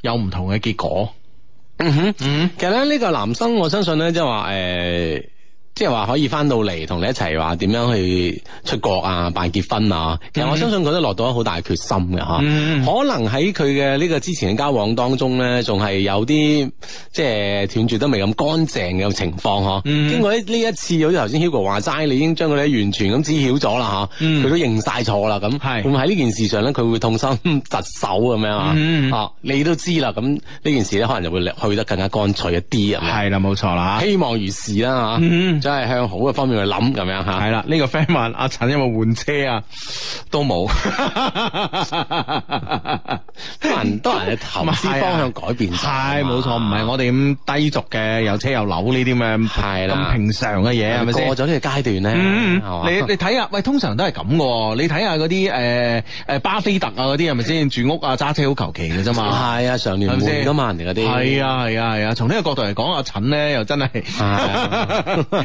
有唔同嘅結果。嗯哼，嗯哼，其實咧呢個男生，我相信咧即係話誒，就是即係話可以翻到嚟同你一齊話點樣去出國啊辦結婚啊，其實我相信佢都落到好大決心嘅吓。嗯、可能喺佢嘅呢個之前嘅交往當中咧，仲係有啲即係斷絕得未咁乾淨嘅情況嗬。嗯、經過呢一次，好似頭先 Hugo 話齋，你已經將佢哋完全咁知曉咗啦吓，佢、嗯、都認晒錯啦咁。係會喺呢件事上咧，佢會痛心疾首咁樣啊？你都知啦，咁呢件事咧可能就會去得更加乾脆一啲係咪？係啦，冇錯啦，錯 希望如是啦吓。啊啊 都係向好嘅方面去諗咁樣嚇，係啦。呢個 friend 問阿陳有冇換車啊？都冇，
都係多人
嘅投資方向改變，係冇錯，唔係我哋咁低俗嘅有車有樓呢啲咁係啦，咁平常嘅嘢係咪先過咗呢個階段
咧？你
你睇下，喂，通常都係咁嘅。你睇下嗰啲誒誒巴菲特啊嗰啲係咪先住屋啊揸車好求其嘅啫嘛？係啊，
上年，年年都買人哋，嗰啲係啊係啊
係啊，從呢個角度嚟講，阿陳咧又真係。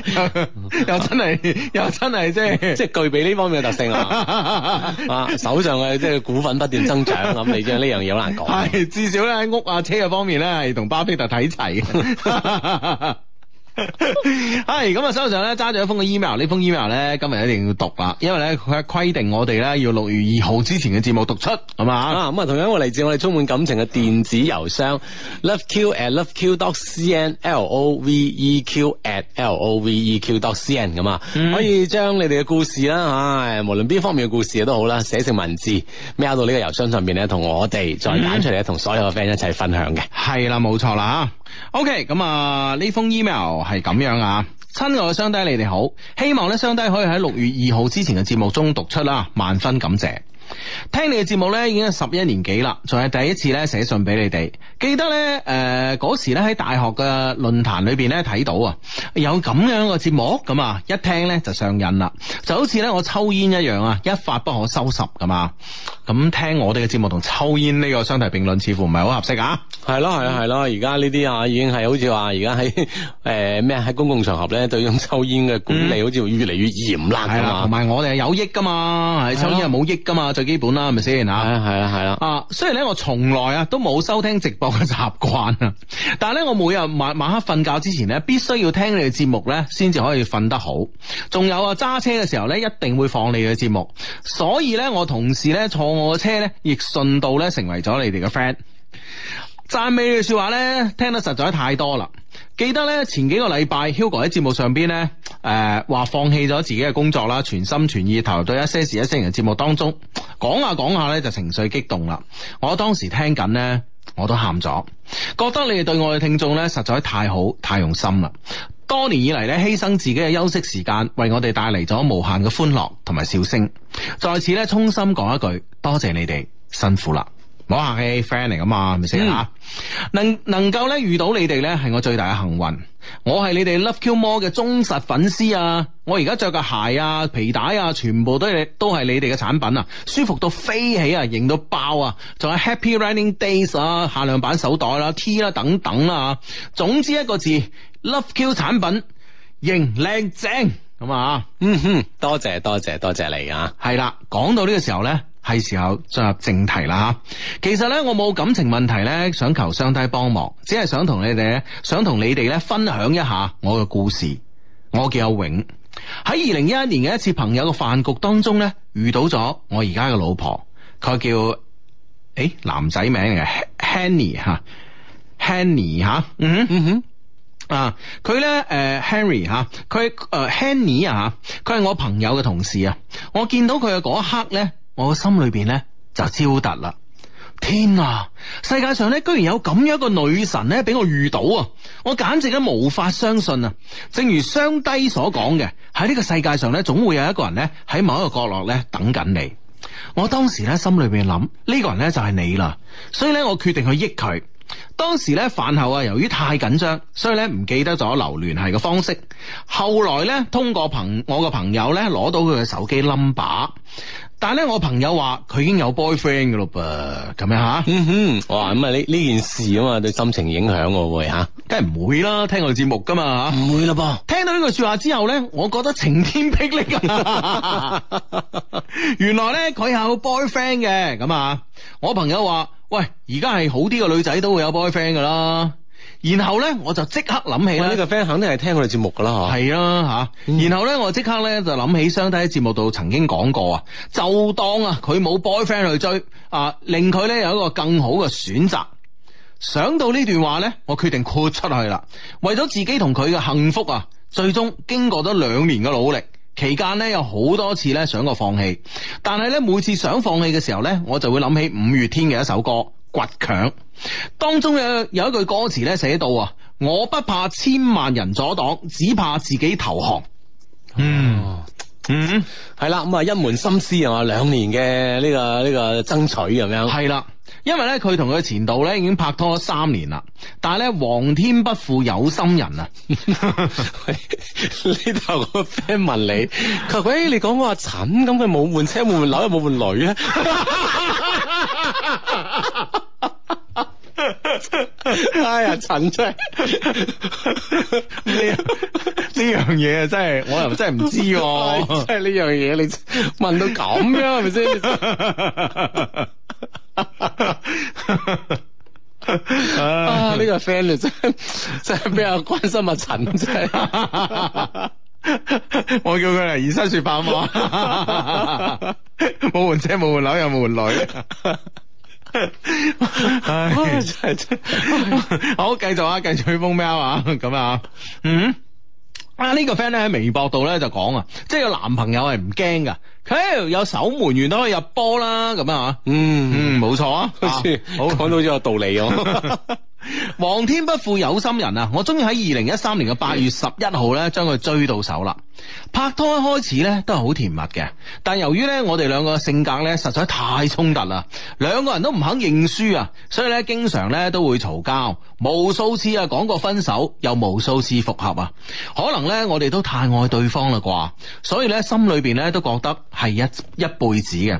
又真係，又真係， 即係，即係具備呢方面嘅特性啊！
啊，
手上嘅即係股份不斷增長，咁 你將呢樣嘢好難講。係， 至少咧喺屋啊、車嘅方面咧，係同巴菲特睇齊。 係咁啊！手上咧揸住一封嘅 email, email，呢封 email 咧今日一定要讀啦，因為咧佢規定我哋咧要六月二號之前嘅節目讀出，係嘛啊！咁啊、嗯，嗯、同樣一個嚟自我哋充滿感情嘅電子郵箱 loveq at loveq dot cn，l o v e q at l o v e q dot cn 咁啊，嗯、可以將你哋嘅故事啦，唉、哎，無論邊方面嘅故事都好啦，寫成文字，mail 到呢個郵箱上邊咧，同我哋再揀出嚟，同所有嘅 friend 一齊分享嘅。係啦、嗯，冇錯啦，吓。O.K. 咁、嗯、啊，呢封 email 係咁樣啊，親愛嘅雙低你哋好，希望咧雙低可以喺六月二號之前嘅節目中讀出啦，萬分感謝。聽你嘅節目咧，已經十一年幾啦，仲係第一次咧寫信俾你哋。記得呢，誒、呃，嗰時呢，喺大學嘅論壇裏邊咧睇到啊，有咁樣嘅節目咁啊，一聽呢就上癮啦，就好似呢我抽煙一樣啊，一發不可收拾咁啊。咁聽我哋嘅節目同抽煙呢個相提並論，似乎唔係好合適啊。係咯，係啊，係咯，而家呢啲啊，已經係好似話而家喺誒咩喺公共場合呢，對於抽煙嘅管理，好似越嚟越嚴啦。係啦，同埋我哋係有益噶嘛，係抽煙係冇益噶嘛。基本啦，係咪先啊？係啊，係啦。啊，雖然咧我從來啊都冇收聽直播嘅習慣啊，但係咧我每日晚晚黑瞓覺之前咧，必須要聽你哋節目咧，先至可以瞓得好。仲有啊，揸車嘅時候咧，一定會放你哋嘅節目。所以咧，我同事咧坐我嘅車咧，亦順道咧成為咗你哋嘅 friend。讚美你嘅說話咧，聽得實在太多啦。記得咧前幾個禮拜，Hugo 喺節目上邊咧，誒、呃、話放棄咗自己嘅工作啦，全心全意投入到一些事一些情嘅節目當中，講下講下咧就情緒激動啦。我當時聽緊咧，我都喊咗，覺得你哋對我嘅聽眾咧實在太好，太用心啦。多年以嚟咧犧牲自己嘅休息時間，為我哋帶嚟咗無限嘅歡樂同埋笑聲。在此咧衷心講一句，多謝你哋辛苦啦。唔客氣，friend 嚟噶嘛，係咪先吓？能能夠咧遇到你哋咧，係我最大嘅幸運。我係你哋 Love Q More 嘅忠實粉絲啊！我而家着嘅鞋啊、皮帶啊，全部都係都係你哋嘅產品啊，舒服到飛起啊，型到爆啊！仲有 Happy Running Days 啊，限量版手袋啦、啊、T 啦、啊、等等啦、啊、吓。總之一個字，Love Q 產品型靚正咁啊！嗯哼，多謝多謝多謝你啊！係啦，講到呢個時候咧。係時候進入正題啦吓。其實咧，我冇感情問題咧，想求上帝幫忙，只係想同你哋咧，想同你哋咧分享一下我嘅故事。我叫阿永，喺二零一一年嘅一次朋友嘅飯局當中咧，遇到咗我而家嘅老婆，佢叫誒、欸、男仔名嚟嘅 Hanny 吓 Hanny 吓，嗯哼啊佢咧誒 Henry 吓，佢誒 Henry 啊，佢係、呃呃、我朋友嘅同事啊。我見到佢嘅嗰一刻咧。我個心裏邊咧就超突啦！天啊，世界上咧居然有咁樣一個女神咧俾我遇到啊！我簡直都無法相信啊！正如雙低所講嘅，喺呢個世界上咧總會有一個人咧喺某一個角落咧等緊你。我當時咧心裏邊諗呢個人咧就係你啦，所以咧我決定去益佢。當時咧飯後啊，由於太緊張，所以咧唔記得咗留聯繫嘅方式。後來咧通過朋我個朋友咧攞到佢嘅手機 number。但係咧，我朋友話佢已經有 boyfriend 噶咯噃，咁樣吓？嗯哼，哇咁啊呢呢件事啊嘛，對心情影響我會吓？梗係唔會啦，聽我哋節目噶嘛，唔會啦噃，聽到呢句說話之後咧，我覺得晴天霹靂㗎。 原來咧佢係有 boyfriend 嘅，咁啊，我朋友話喂，而家係好啲嘅女仔都會有 boyfriend 噶啦。然後呢，我就即刻諗起咧。呢個 friend 肯定係聽我哋節目噶啦，吓。係啊，吓、嗯。然後呢，我即刻呢就諗起相低喺節目度曾經講過啊，就當啊佢冇 boyfriend 去追啊，令佢呢有一個更好嘅選擇。想到呢段話呢，我決定豁出去啦。為咗自己同佢嘅幸福啊，最終經過咗兩年嘅努力，期間呢，有好多次呢想過放棄，但係呢，每次想放棄嘅時候呢，我就會諗起五月天嘅一首歌，倔強，當中有有一句歌詞咧寫到啊，我不怕千萬人阻擋，只怕自己投降。嗯嗯，係啦、啊，咁啊、嗯、一門心思啊嘛兩年嘅呢、個呢、個爭取咁樣。係啦。因為咧，佢同佢前度咧已經拍拖咗三年啦，但係咧，皇天不負有心人啊！呢 頭個 friend 問你：佢話、哎、你講我阿陳咁，佢冇換車，換樓又冇換女啊？ 哎呀，陳真係呢呢樣嘢真係我又真係唔知喎！真係呢樣嘢，你問到咁樣係咪先？ 不知不知 啊！呢、這個 friend 真真係比較關心阿陳，真係 我叫佢嚟以身說法，話，冇換車冇換樓又冇換女， 真係 好，繼續啊，繼續去封咪啊，咁啊，嗯。啊！呢、這個 friend 咧喺微博度咧就講啊，即係個男朋友係唔驚噶，佢有守門員都可以入波啦咁樣啊，嗯嗯，冇錯、嗯、啊，啊好似好講到咗個道理哦。 皇天不負有心人啊！我終於喺二零一三年嘅八月十一號咧，將佢追到手啦。拍拖一開始咧都係好甜蜜嘅，但由於咧我哋兩個性格咧實在太衝突啦，兩個人都唔肯認輸啊，所以咧經常咧都會嘈交，無數次啊講過分手，又無數次複合啊。可能咧我哋都太愛對方啦啩，所以咧心裏邊咧都覺得係一一輩子嘅。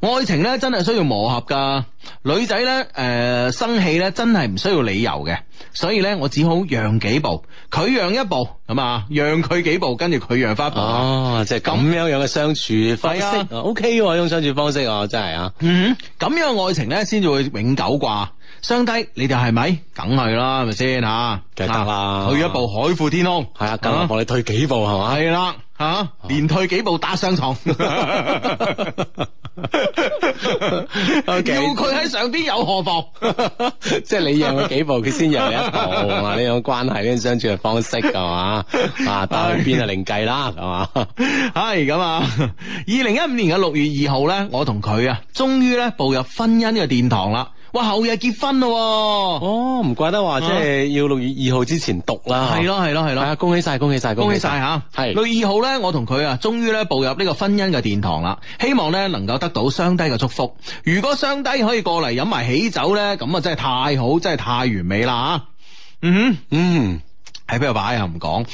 愛情咧真係需要磨合噶，女仔咧誒生氣咧、呃、真係唔需要理由嘅，所以咧我只好讓幾步，佢讓一步，咁嘛，讓佢幾步，跟住佢讓翻步。哦，啊、即係咁樣樣嘅相處方式，O K 喎，呢種相處方式真係啊，啊嗯哼，咁樣嘅愛情咧先至會永久啩，相低你哋係咪？梗係啦，係咪先吓？梗、啊、啦、啊，退一步海闊天空，係啊，更何況我哋退幾步係嘛？係啦。吓，啊、連退幾步打上床，叫佢喺上邊有何妨？即 係 你讓佢幾步，佢先讓你一步啊！呢 種關係，呢種相處嘅方式，啊，係嘛 啊？打去邊啊，另計啦，係嘛？係咁啊！二零一五年嘅六月二號咧，我同佢啊，終於咧步入婚姻嘅殿堂啦。哇！後日結婚咯，哦，哦，唔怪得話，即係要六月二號之前讀啦、啊。係咯，係咯，係咯。係啊，恭喜晒，恭喜晒，恭喜晒吓。係六月二號咧，我同佢啊，終於咧步入呢個婚姻嘅殿堂啦。希望咧能夠得到雙低嘅祝福。如果雙低可以過嚟飲埋喜酒咧，咁啊真係太好，真係太完美啦吓、啊。嗯嗯，喺邊度擺啊？唔講，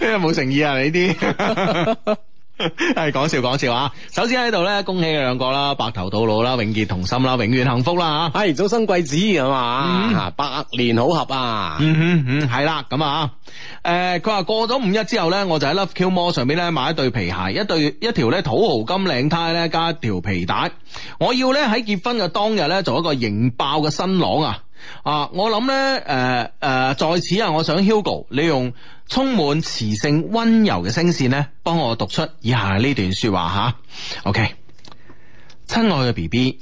你有冇誠意啊？你啲。 係講笑講笑啊！首先喺度咧，恭喜你兩個啦，白頭到老啦，永結同心啦，永遠幸福啦吓！係，早生貴子啊嘛，嗯、百年好合啊！嗯哼、嗯，嗯，係啦咁啊！誒、呃，佢話過咗五一之後咧，我就喺 Love Q Mall 上邊咧買一對皮鞋，一對一條咧土豪金領呔咧加一條皮帶，我要咧喺結婚嘅當日咧做一個型爆嘅新郎啊！啊，我諗咧誒誒在此啊，我想 Hugo，你用。充滿磁性溫、溫柔嘅聲線咧，幫我讀出以下呢段說話吓。OK，親愛嘅 B B，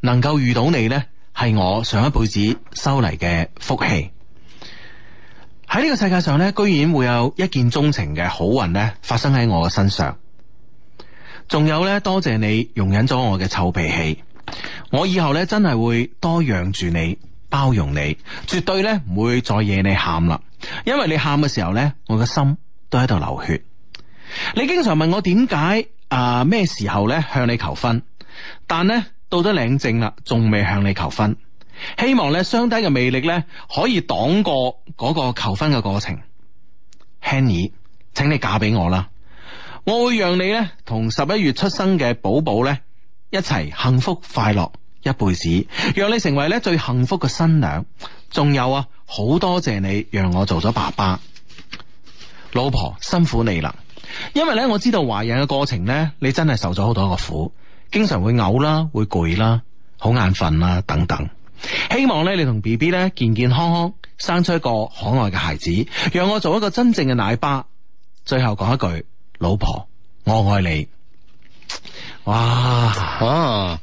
能夠遇到你呢係我上一輩子收嚟嘅福氣。喺呢個世界上咧，居然會有一見鍾情嘅好運咧，發生喺我嘅身上。仲有呢，多謝你容忍咗我嘅臭脾氣，我以後呢，真係會多養住你，包容你，絕對呢唔會再惹你喊啦。因為你喊嘅時候呢，我嘅心都喺度流血。你經常問我點解啊？咩、呃、時候呢？向你求婚？但呢，到咗領證啦，仲未向你求婚。希望呢，相睇嘅魅力呢，可以擋過嗰個求婚嘅過程。Henny 請你嫁俾我啦！我會讓你呢，同十一月出生嘅寶寶呢，一齊幸福快樂一輩子，讓你成為呢，最幸福嘅新娘。仲有啊，好多謝你讓我做咗爸爸，老婆辛苦你啦。因為咧，我知道懷孕嘅過程咧，你真係受咗好多個苦，經常會嘔啦，會攰啦，好眼瞓啦等等。希望咧，你同 BB 咧，健健康康生出一個可愛嘅孩子，讓我做一個真正嘅奶爸。最後講一句，老婆我愛你。哇，哇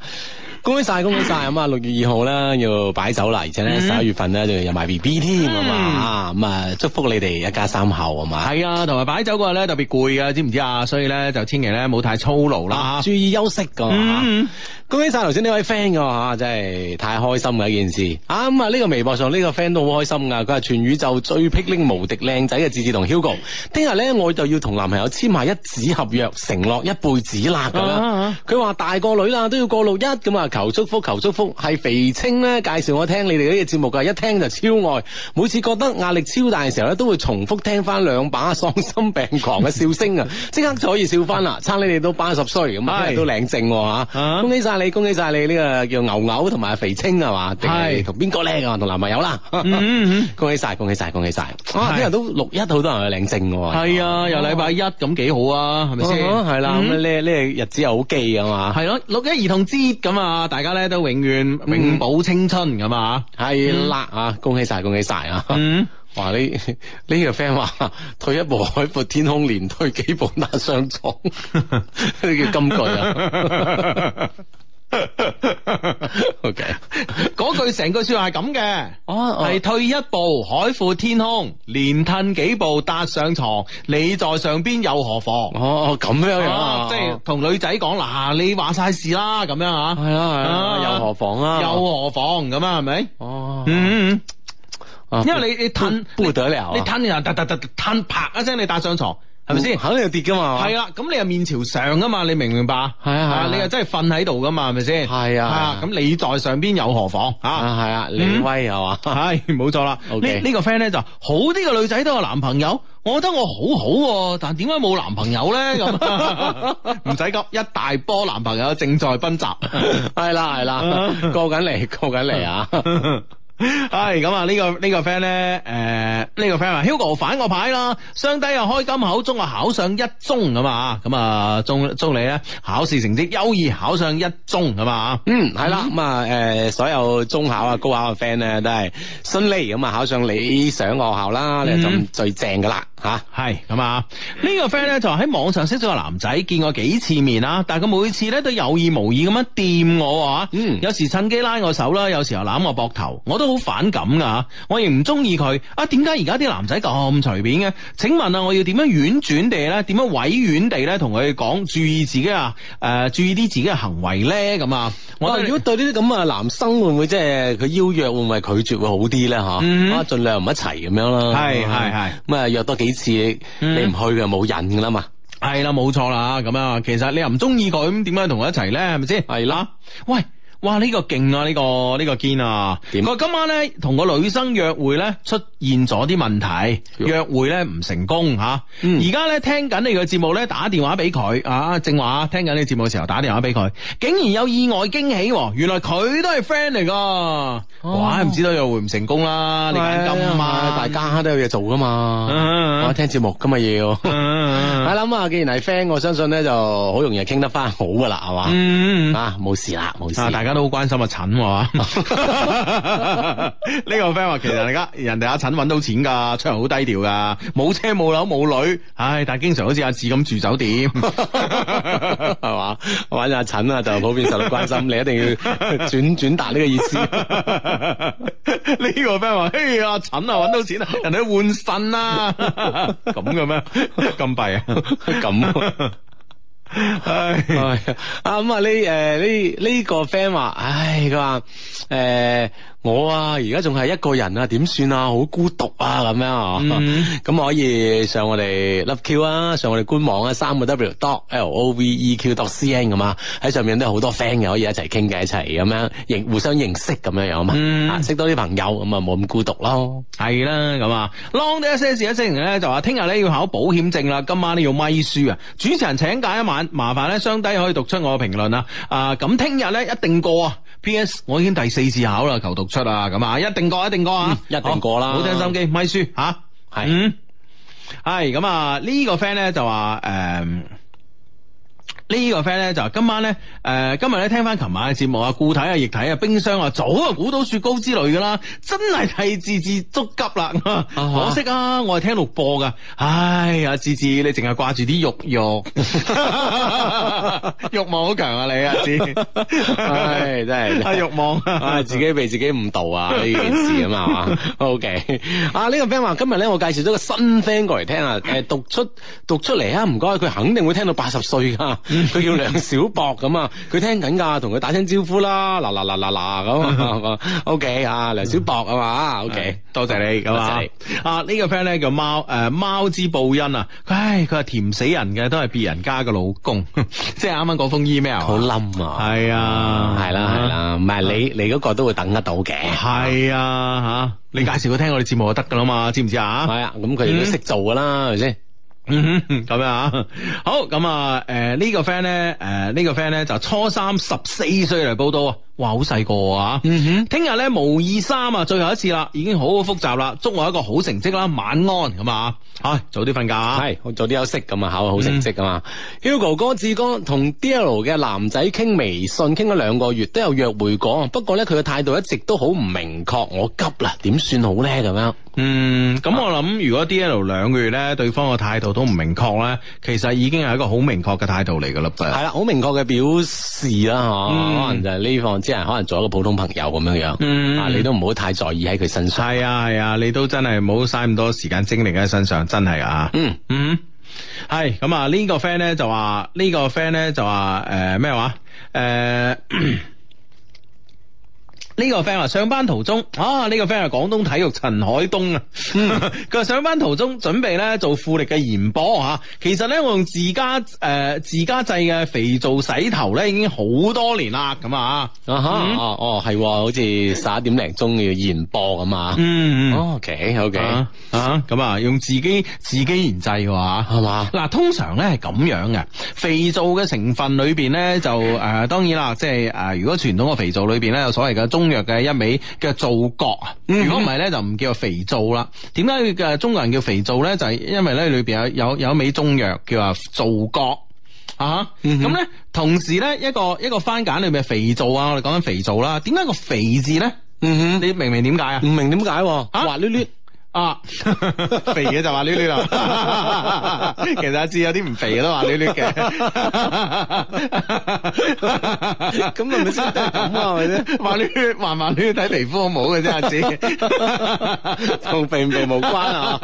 恭喜晒，恭喜晒！咁啊！六月二號咧要擺酒啦，而且咧十一月份咧就有埋 B B 添啊嘛嚇，咁啊！祝福你哋一家三口啊嘛！係啊，同埋、啊、擺酒嗰日咧特別攰嘅，知唔知啊？所以咧就千祈咧冇太操勞啦、啊、注意休息㗎嚇。嗯。恭喜晒頭先呢位 friend 㗎嚇，真係太開心嘅一件事啊！咁啊，呢個微博上呢個 friend 都好開心㗎，佢話全宇宙最霹靂無敵靚仔嘅志志同 Hugo。聽日咧我就要同男朋友簽埋一紙合約，承諾一輩子啦咁樣。佢話、 啊、大個女啦都要過六一咁啊，求祝福求祝福。係肥青咧介紹我聽你哋呢啲節目㗎，一聽就超愛。每次覺得壓力超大嘅時候咧，都會重複聽翻兩把喪心病狂嘅笑聲啊，即 刻就可以笑翻啦！差你哋都八十歲咁 ス uk ri IX listening 啊，都領證嚇。恭喜晒！恭喜曬你呢個叫牛牛同埋肥青係嘛，定係同邊個咧？同男朋友啦。恭喜曬，恭喜曬，恭喜曬！哇，今日都六一好多人去領證喎。係啊，由禮拜一咁幾好啊，係咪先？係啦，咁咧呢個日子又好記嘅嘛。係咯，六一兒童節咁啊，大家咧都永遠永葆青春咁啊。係啦，啊，恭喜曬，恭喜曬啊！哇，呢呢個 friend 話退一步海闊天空，連退幾步打上床，呢叫金句啊！O K，嗰句成句說話係咁嘅，係退一步海闊天空，連褪幾步搭上床，你在上邊又何妨？哦，咁樣樣，即係同女仔講嗱，你話曬事啦，咁樣啊。」係啊，係啊，又何妨啊？又何妨咁啊？係咪？哦，嗯，因為你你褪得了，你褪然後突突突褪啪一聲，你搭上床。係咪先？肯定跌噶嘛？係啦，咁你又面朝上噶嘛？你明唔明白？係啊，係啊，你又真係瞓喺度噶嘛？係咪先？係啊，咁你在上邊又何妨？啊，係啊，凌威係嘛？係，冇錯啦。呢呢個 friend 咧，就好啲嘅女仔都有男朋友，我覺得我好好，但係點解冇男朋友咧？咁唔使急，一大波男朋友正在奔襲，係啦係啦，過緊嚟過緊嚟啊！係咁啊！這個這個、呢、呃這個呢、這個 friend 咧，誒，呢個 friend 話，Hugo 反我牌啦，雙低又開金口，中學考上一中咁啊！咁啊，中中，中你咧，考試成績優異，考上一中係嘛？嗯，係啦，咁啊、嗯，誒，所有中考啊、高考嘅 friend 咧，都係順利咁啊，考上理想嘅學校啦，嗯、你就最正噶啦，吓。係咁啊！這個、呢個 friend 咧就喺網上識咗個男仔，見過幾次面啊，但係佢每次咧都有意無意咁樣掂我啊，嗯，有時趁機拉我手啦，有時候攬我膊頭，我都都好反感噶，我亦唔中意佢。啊，點解而家啲男仔咁隨便嘅？請問啊，我要點樣婉轉地咧，點樣委婉地咧，同佢講注意自己啊？誒、呃，注意啲自己嘅行為咧，咁啊？我如果對呢啲咁嘅男生，會唔會即係佢邀約會唔會拒絕會好啲咧？吓、嗯，啊，盡量唔一齊咁樣啦。係係係，咁啊約多幾次，你唔去嘅，冇癮噶啦嘛。係啦，冇錯啦。咁啊，其實你又唔中意佢，咁點解同佢一齊咧？係咪先？係啦的、啊，喂。哇！呢、這個勁啊，呢、這個呢、這個堅啊！佢今晚咧同個女生約會咧出現咗啲問題，約會咧唔成功吓。而家咧聽緊你個節目咧打電話俾佢啊！正話啊，聽緊你節目嘅時候打電話俾佢，竟然有意外驚喜，啊，原來佢都係 friend 嚟噶。啊、哇！唔知道約會唔成功啦，你揀金啊嘛，哎、呀大家都有嘢做噶嘛，我、哎、呀聽節目噶嘛要。我諗啊，既然係 friend，我相信咧就好容易傾得翻好噶啦，係嘛？啊，冇事啦，冇事，大家。都好關心阿陳喎，呢個 friend 話，其實而家人哋阿陳揾到錢噶，出嚟好低調噶，冇車冇樓冇女，唉，但係經常好似阿志咁住酒店，
係嘛？我
玩阿陳啊，就普遍受到關心， 你一定要轉轉達呢個意思。呢 個 friend 話：嘿，阿陳啊，揾到錢，人哋換腎啊！ 」咁嘅咩？咁弊啊？咁。係、 哎，啊、哎，啊咁啊呢？誒呢呢個 friend 話，唉、哎，佢話誒。我啊，而家仲係一個人啊，點算啊？好孤獨啊，咁樣啊。咁我、嗯、 可以上我哋 Love Q 啊，上我哋官網啊，三個 W dot L O V E Q dot C N 咁啊，喺上面都有好多 friend 嘅，可以一齊傾偈，一齊咁樣認互相認識咁樣樣啊嘛。嗯、啊，識多啲朋友咁啊，冇咁孤獨咯。係啦，咁啊，Long 啲一些事，一些情咧就話，聽日咧要考保險證啦，今晚咧要咪書啊。主持人請假一晚，麻煩咧雙低可以讀出我嘅評論啊。啊，咁聽日咧一定過啊！P. S. PS, 我已經第四次考啦，求讀出啦，咁啊，一定過，一定過啊，嗯、好一定過啦，好聽心機，咪輸吓，係，係咁啊，是嗯啊這個、呢個 friend 咧就話誒。呃呢個 friend 咧就今晚咧，誒、呃，今日咧聽翻琴晚嘅節目啊，固體啊，液體啊，冰箱啊，早啊，估到雪糕之類噶啦，真係替志志捉急啦！啊、哈可惜啊，我係聽錄播噶，唉呀，志、啊、志你淨係掛住啲肉肉， 欲望好強啊你啊志， 唉真係啊慾望啊自己被自己誤導啊、， okay 啊這個、呢件事啊嘛，OK，啊呢個 friend 話今日咧我介紹咗個新 friend 過嚟聽啊，誒讀出讀出嚟啊，唔該，佢肯定會聽到八十歲噶。佢 叫梁小博咁啊，佢聽緊噶，同佢打聲招呼啦，啦，啦，啦，啦，嗱嗱嗱嗱嗱咁，O K 啊， okay，梁小博啊嘛，O K，多謝你咁啊，啊、這個、呢個 friend 咧叫貓，誒、呃、貓之報恩啊，唉佢係甜死人嘅，都係別人家嘅老公， 即係啱啱嗰封 email，好冧、 嗯、啊，係啊，係啦係啦，唔係你你嗰個都會等得到嘅，係啊吓、啊，你介紹佢 聽我哋節目就得噶啦嘛，知唔知啊？係啊，咁佢哋都識做噶啦，係咪先？咁、嗯、樣啊，好咁啊，誒、呃這個、呢、呃這個 friend 咧，誒呢個 friend 咧就初三十四歲嚟報到啊，哇好細個啊，嗯哼，聽日咧模二三啊，最後一次啦，已經好好複習啦，祝我一個好成績啦，晚安咁啊，唉早啲瞓覺啊，係早啲休息咁啊，考個好成績啊嘛、嗯、，Hugo 哥志剛同 D L 嘅男仔傾微信，傾咗兩個月，都有約會講，不過咧佢嘅態度一直都好唔明確，我急啦，點算好咧咁樣？嗯，咁我諗如果 D L 兩月咧，對方嘅態度。都唔明確咧，其實已經係一個好明確嘅態度嚟噶啦，係啦，好明確嘅表示啦，嗬、嗯，可能就係呢方，即係可能做一個普通朋友咁樣樣，啊、嗯，你都唔好太在意喺佢身上，係啊係啊，你都真係唔好嘥咁多時間精力喺身上，真係啊、嗯，嗯嗯，係咁啊，呢個 friend 咧就話，呢個 friend 咧就話，誒咩話，誒。 呢個 friend 話：上班途中啊，呢、這個 friend 係廣東體育陳海東啊。佢話 上班途中準備咧做富力嘅研波嚇、啊。其實咧我用自家誒、呃、自家製嘅肥皂洗頭咧已經好多年啦。咁啊，啊哈、嗯、哦哦係、啊，好似十一點零鐘要研波咁 啊。嗯 o k OK, okay 啊咁啊，啊，用自己自己研製嘅話係嘛？嗱、 啊，通常咧係咁樣嘅肥皂嘅成分裏邊咧就誒、呃、當然啦，即係誒如果傳統嘅肥皂裏邊咧有所謂嘅中。中藥嘅一味叫做皂角啊，如果唔係呢，就唔叫做、嗯、哼叫肥皂啦。點解嘅中國人叫肥皂呢？就係、是、因為呢裏邊有有有一味中藥叫做皂角啊。咁、嗯、哼呢，同時呢，一個一個番鹼裏面嘅肥皂啊，我哋講緊肥皂啦。點解個肥字呢？嗯、哼你明唔明點解啊？唔明點解？滑捋捋。啊，肥嘅就話溜溜啦， 其實阿子有啲唔肥嘅都話溜溜嘅，
咁你咪先咁啊？係咪啫？話溜溜，慢話溜溜睇皮膚好唔好嘅啫，阿子同肥唔肥無關啊，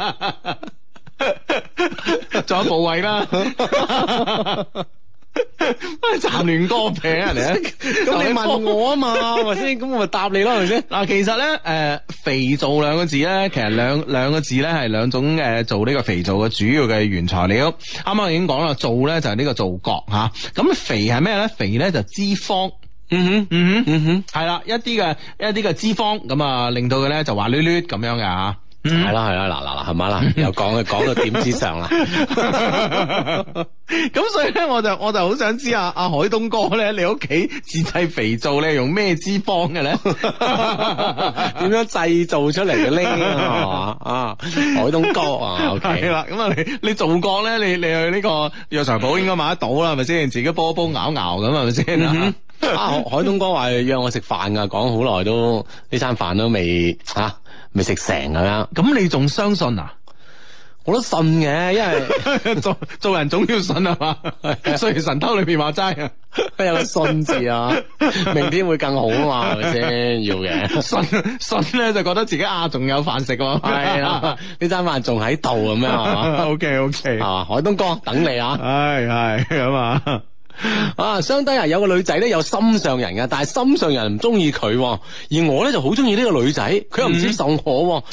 仲 有部位啦。 雜 亂
鍋餅，人哋咧，咁 你問我啊嘛，係咪先？咁我咪答你咯，係咪先？嗱，其實咧，誒、呃，肥皂兩個字咧，其實兩兩個字咧係兩種誒，做呢個肥皂嘅主要嘅原材料。啱啱已經講啦，皂咧就係、是啊、呢個皂角吓，咁肥係咩咧？肥咧就是、脂肪，嗯哼、mm，嗯、hmm. 哼、mm，嗯哼，係啦，一啲嘅一啲嘅脂肪，咁啊令到佢咧就滑捋捋咁樣嘅吓。啊係啦、嗯嗯，係啦，嗱嗱嗱，係咪啦？又講佢講到點之上啦。咁、 嗯、 所以咧，我就我就好想知啊。阿海東哥咧，你屋企自製肥皂咧，用咩脂肪嘅咧？點樣製造出嚟嘅咧？啊，海東哥啊，OK 啦。咁啊，你你皂角咧，你你去呢個藥材鋪應該買得到啦，係咪先？自己煲煲咬咬咁係咪先啊？海東哥話、啊啊 啊、約我食飯啊，講好耐都呢餐飯都未吓。未食成咁樣，咁你仲相信啊？我都信嘅，因為做 做人總要信啊嘛。 雖然神偷裏邊話齋， 有個信字啊，明天會更好啊嘛，係咪先？要 嘅，信信咧就覺得自己啊，仲有飯食噶嘛。係 啊，呢餐飯仲喺度咁樣啊嘛。O K O K 啊，海東哥等你啊。係係咁啊。 啊，相抵啊，有個女仔咧有心上人噶但係心上人唔中意佢，而我咧就好中意呢個女仔，佢又唔接受我，mm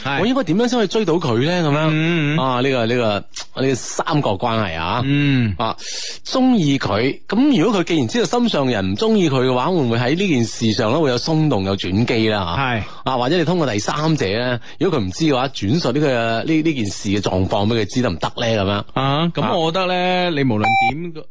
hmm. 我應該點樣先可以追到佢呢？咁樣，mm hmm. 啊，呢、呢個呢、呢個呢、呢個呢個三角關係啊，mm hmm. 啊，中意佢，咁如果佢既然知道心上人唔中意佢嘅話，會唔會喺呢件事上咧會有鬆動有轉機啦？係，mm hmm. 啊，或者你通過第三者咧，如果佢唔知嘅話，轉述呢、呢個呢呢件事嘅狀況俾佢知得唔得呢？咁樣啊，咁我覺得呢，你無論點